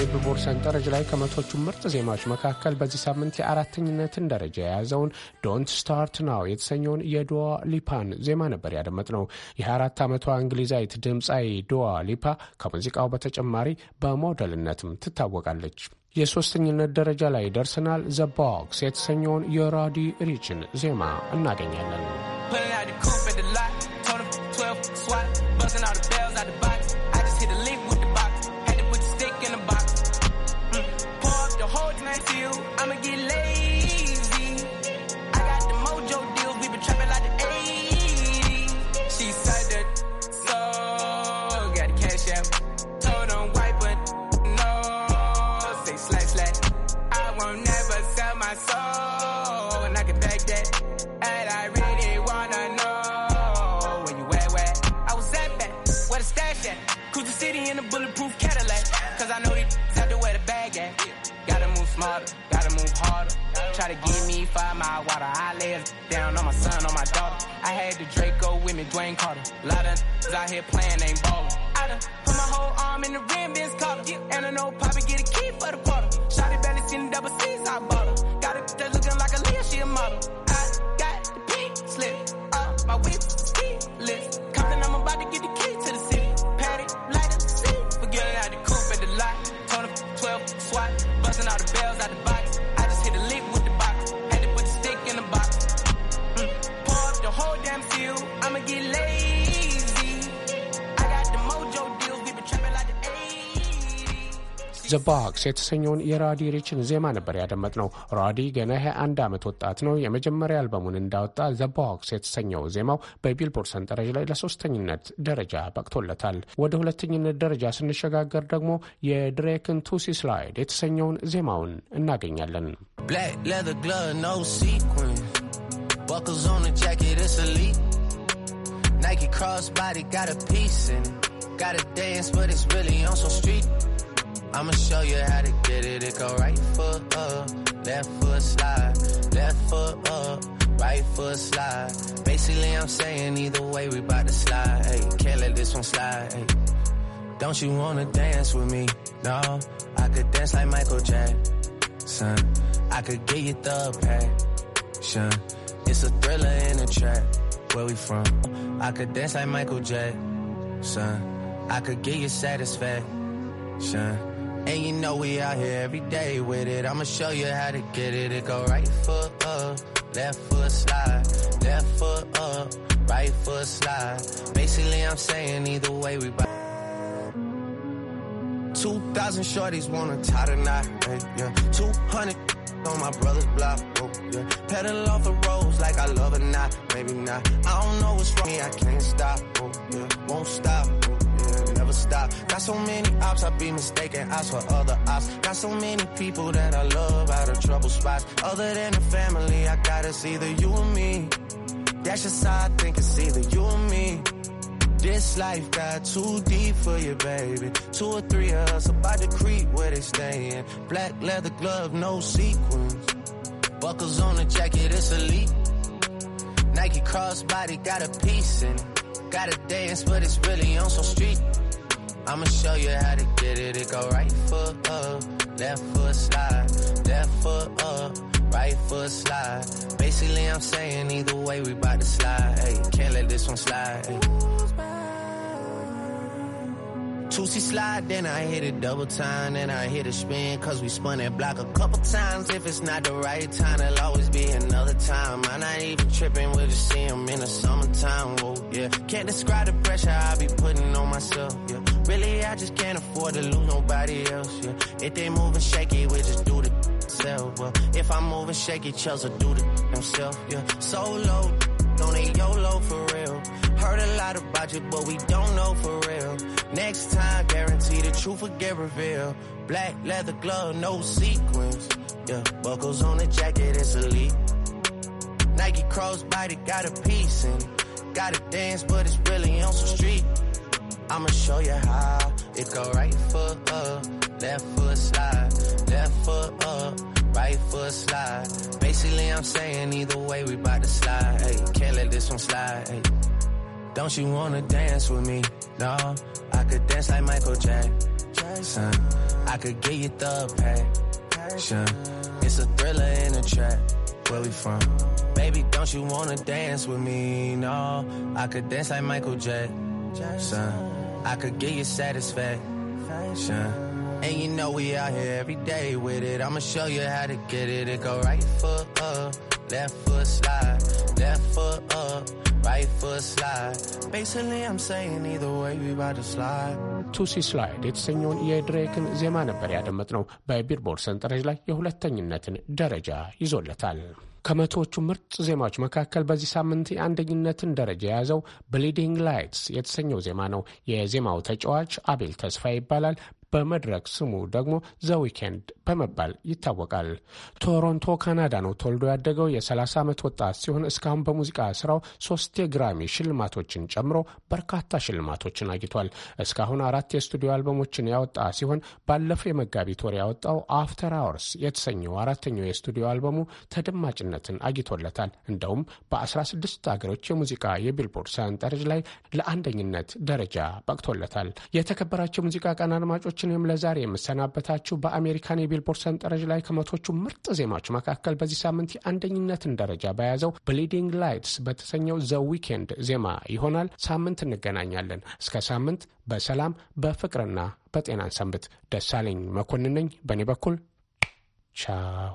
የብልቦርድ ሰንጠረዥ ላይ ከመቶቹ ምርጥ ዜማዎች መካከል በዚህ ሳምንት የአራተኝነትን ደረጃ የያዘውን ዶንት ስታርት ናው የተሰኘውን የዱዋ ሊፓን ዜማ ነበር ያደመጥ ነው የ የ24 ዓመቷ እንግሊዛዊት ድምፃዊ ዱዋ ሊፓ ከሙዚቃው በተጨማሪ በሞዴልነትም ትታወቃለች። የሶስተኝነት ደረጃ ላይ ደርሰናል። ዘ ቦክስ የተሰኘውን የሮዲ ሪችን ዜማ እናገኛለን። city in a bulletproof Cadillac. Cause I know these have to wear the bag at. Gotta move smarter, gotta move harder. Try to give me five mile water. I lay it down on my son, on my daughter. I had the Draco with me, Dwayne Carter. A lot of out here playing, ain't ballin'. I done put my whole arm in the rim, Ben's Carter. And I know Poppy get a key for the quarter. Shotty belly seen double C's, I bought her. Got it that looking like a Leah, she a model. I got the pink slip, up my whip, ski lift. Compton, I'm about to get the key. ዘ ቦክስ የተሰኘውን የራዲ ሪችን ዜማ ነበር ያደመጥ ነው። ራዲ ገና 21 ዓመት ወጣት ነው። የመጀመሪያ አልበሙን እንዳወጣ ዘ ቦክስ የተሰኘው ዜማው በቢልቦርድ ሰንጠረዥ ላይ ለሶስተኝነት ደረጃ በቅቶለታል። ወደ ሁለተኝነት ደረጃ ስንሸጋገር ደግሞ የድሬክን ቱሲ ስላይድ የተሰኘውን ዜማውን እናገኛለን። Nike crossbody, got a piece in Gotta dance, but it's really on some street. I'ma show you how to get it. It go right foot up, left foot slide, left foot up, right foot slide. Basically, I'm saying either way, we bout to slide. Hey, can't let this one slide. Hey. Don't you wanna dance with me? No, I could dance like Michael Jackson. I could get you the passion. It's a thriller in a track. Where we from? I could dance like Michael Jackson. I could get you satisfaction. And you know we out here every day with it. I'ma show you how to get it. It go right foot up, left foot slide, left foot up, right foot slide. Basically, I'm saying either way we buy. 2,000 shorties wanna tie tonight. hey, yeah. 200 on my brother's block, oh, yeah. Pedal off the roads like I love or not, maybe not. I don't know what's wrong, me, I can't stop, oh, yeah. Won't stop, oh, never stop. Got so many ops, I be mistaken ops for other ops. Got so many people that I love out of trouble spots. Other than the family, I got to see the you and me. That's just how I think it's either you or me. This life got too deep for you, baby. Two or three of us about to creep where they stayin'. Black leather glove, no sequins. Buckles on the jacket, it's elite. Nike crossbody got a piece in it. Gotta dance, but it's really on some street. I'ma show you how to get it. It go right foot up, left foot slide, left foot up, right foot slide. Basically, I'm saying either way, we bout to slide. Hey, can't let this one slide. Two-C slide, then I hit it double time, then I hit a spin, cause we spun that block a couple times. If it's not the right time, it will always be another time. I'm not even tripping, we'll just see him in the summertime, whoa, yeah. Can't describe the pressure I be putting on myself, yeah. Really, I just can't afford to lose nobody else, yeah. If they moving shaky, we just do the self, well. If I'm moving shaky, Chelsea do the himself, yeah. Solo, don't need YOLO for real. Heard a lot about you, but we don't know for real. Next time, guarantee the truth will get revealed. Black leather glove, no sequins, yeah. Buckles on the jacket, it's elite. Nike crossbody got a piece in it. Gotta dance, but it's really on some street. I'ma show you how. It go right foot up, left foot slide, left foot up, right foot slide. Basically, I'm saying either way, we bout to slide. Hey, can't let this one slide. Hey. Don't you wanna dance with me? No, I could dance like Michael Jackson. I could get you the passion. It's a thriller in a trap. Where we from? Baby, don't you wanna dance with me? No, I could dance like Michael Jackson. I could get you satisfaction. And you know we out here every day with it. I'ma show you how to get it. It go right foot up, left foot slide, left foot up, right foot slide. Basically I'm saying either way we about to slide. ቱሲ ስላይድ የተሰኘውን የድሬክን ዜማ ነበር ያደመጥነው። በቢልቦርድ ሰንጠረዥ ላይ የሁለተኝነትን ደረጃ ይዞለታል። ከመቶዎቹ ምርጥ ዜማዎች መካከል በዚህ ሳምንት የአንደኝነትን ደረጃ የያዘው ብሊዲንግ ላይትስ የተሰኘው ዜማ ነው። የዜማው ተጫዋች አቤል ተስፋ ይባላል። በመድረክ ስሙ ደግሞ ዘ ዊኬንድ በመባል ይታወቃል። ቶሮንቶ ካናዳ ነው ተወልዶ ያደገው የ30 ዓመት ወጣት ሲሆን እስካሁን በሙዚቃ ስራው ሶስት የግራሚ ሽልማቶችን ጨምሮ በርካታ ሽልማቶችን አግኝቷል። እስካሁን አራት የስቱዲዮ አልበሞችን ያወጣ ሲሆን ባለፈው የመጋቢት ወር ያወጣው አፍተር አወርስ የተሰኘው አራተኛው የስቱዲዮ አልበሙ ተደማጭነትን አግኝቶለታል። እንደውም በ16 አገሮች የሙዚቃ የቢልቦርድ ሰንጠረዥ ላይ ለአንደኝነት ደረጃ በቅቶለታል። የተከበራቸው የሙዚቃ ቀን አድማጮች ዝግጅታችንንም ለዛሬ የምሰናበታችሁ በአሜሪካን የቢልቦርድ ሰንጠረዥ ላይ ከመቶቹ ምርጥ ዜማዎች መካከል በዚህ ሳምንት የአንደኝነትን ደረጃ በያዘው ብሊዲንግ ላይትስ በተሰኘው ዘ ዊኬንድ ዜማ ይሆናል። ሳምንት እንገናኛለን። እስከ ሳምንት በሰላም በፍቅርና በጤናን ሰንብት። ደሳለኝ መኮንን ነኝ። በእኔ በኩል ቻው።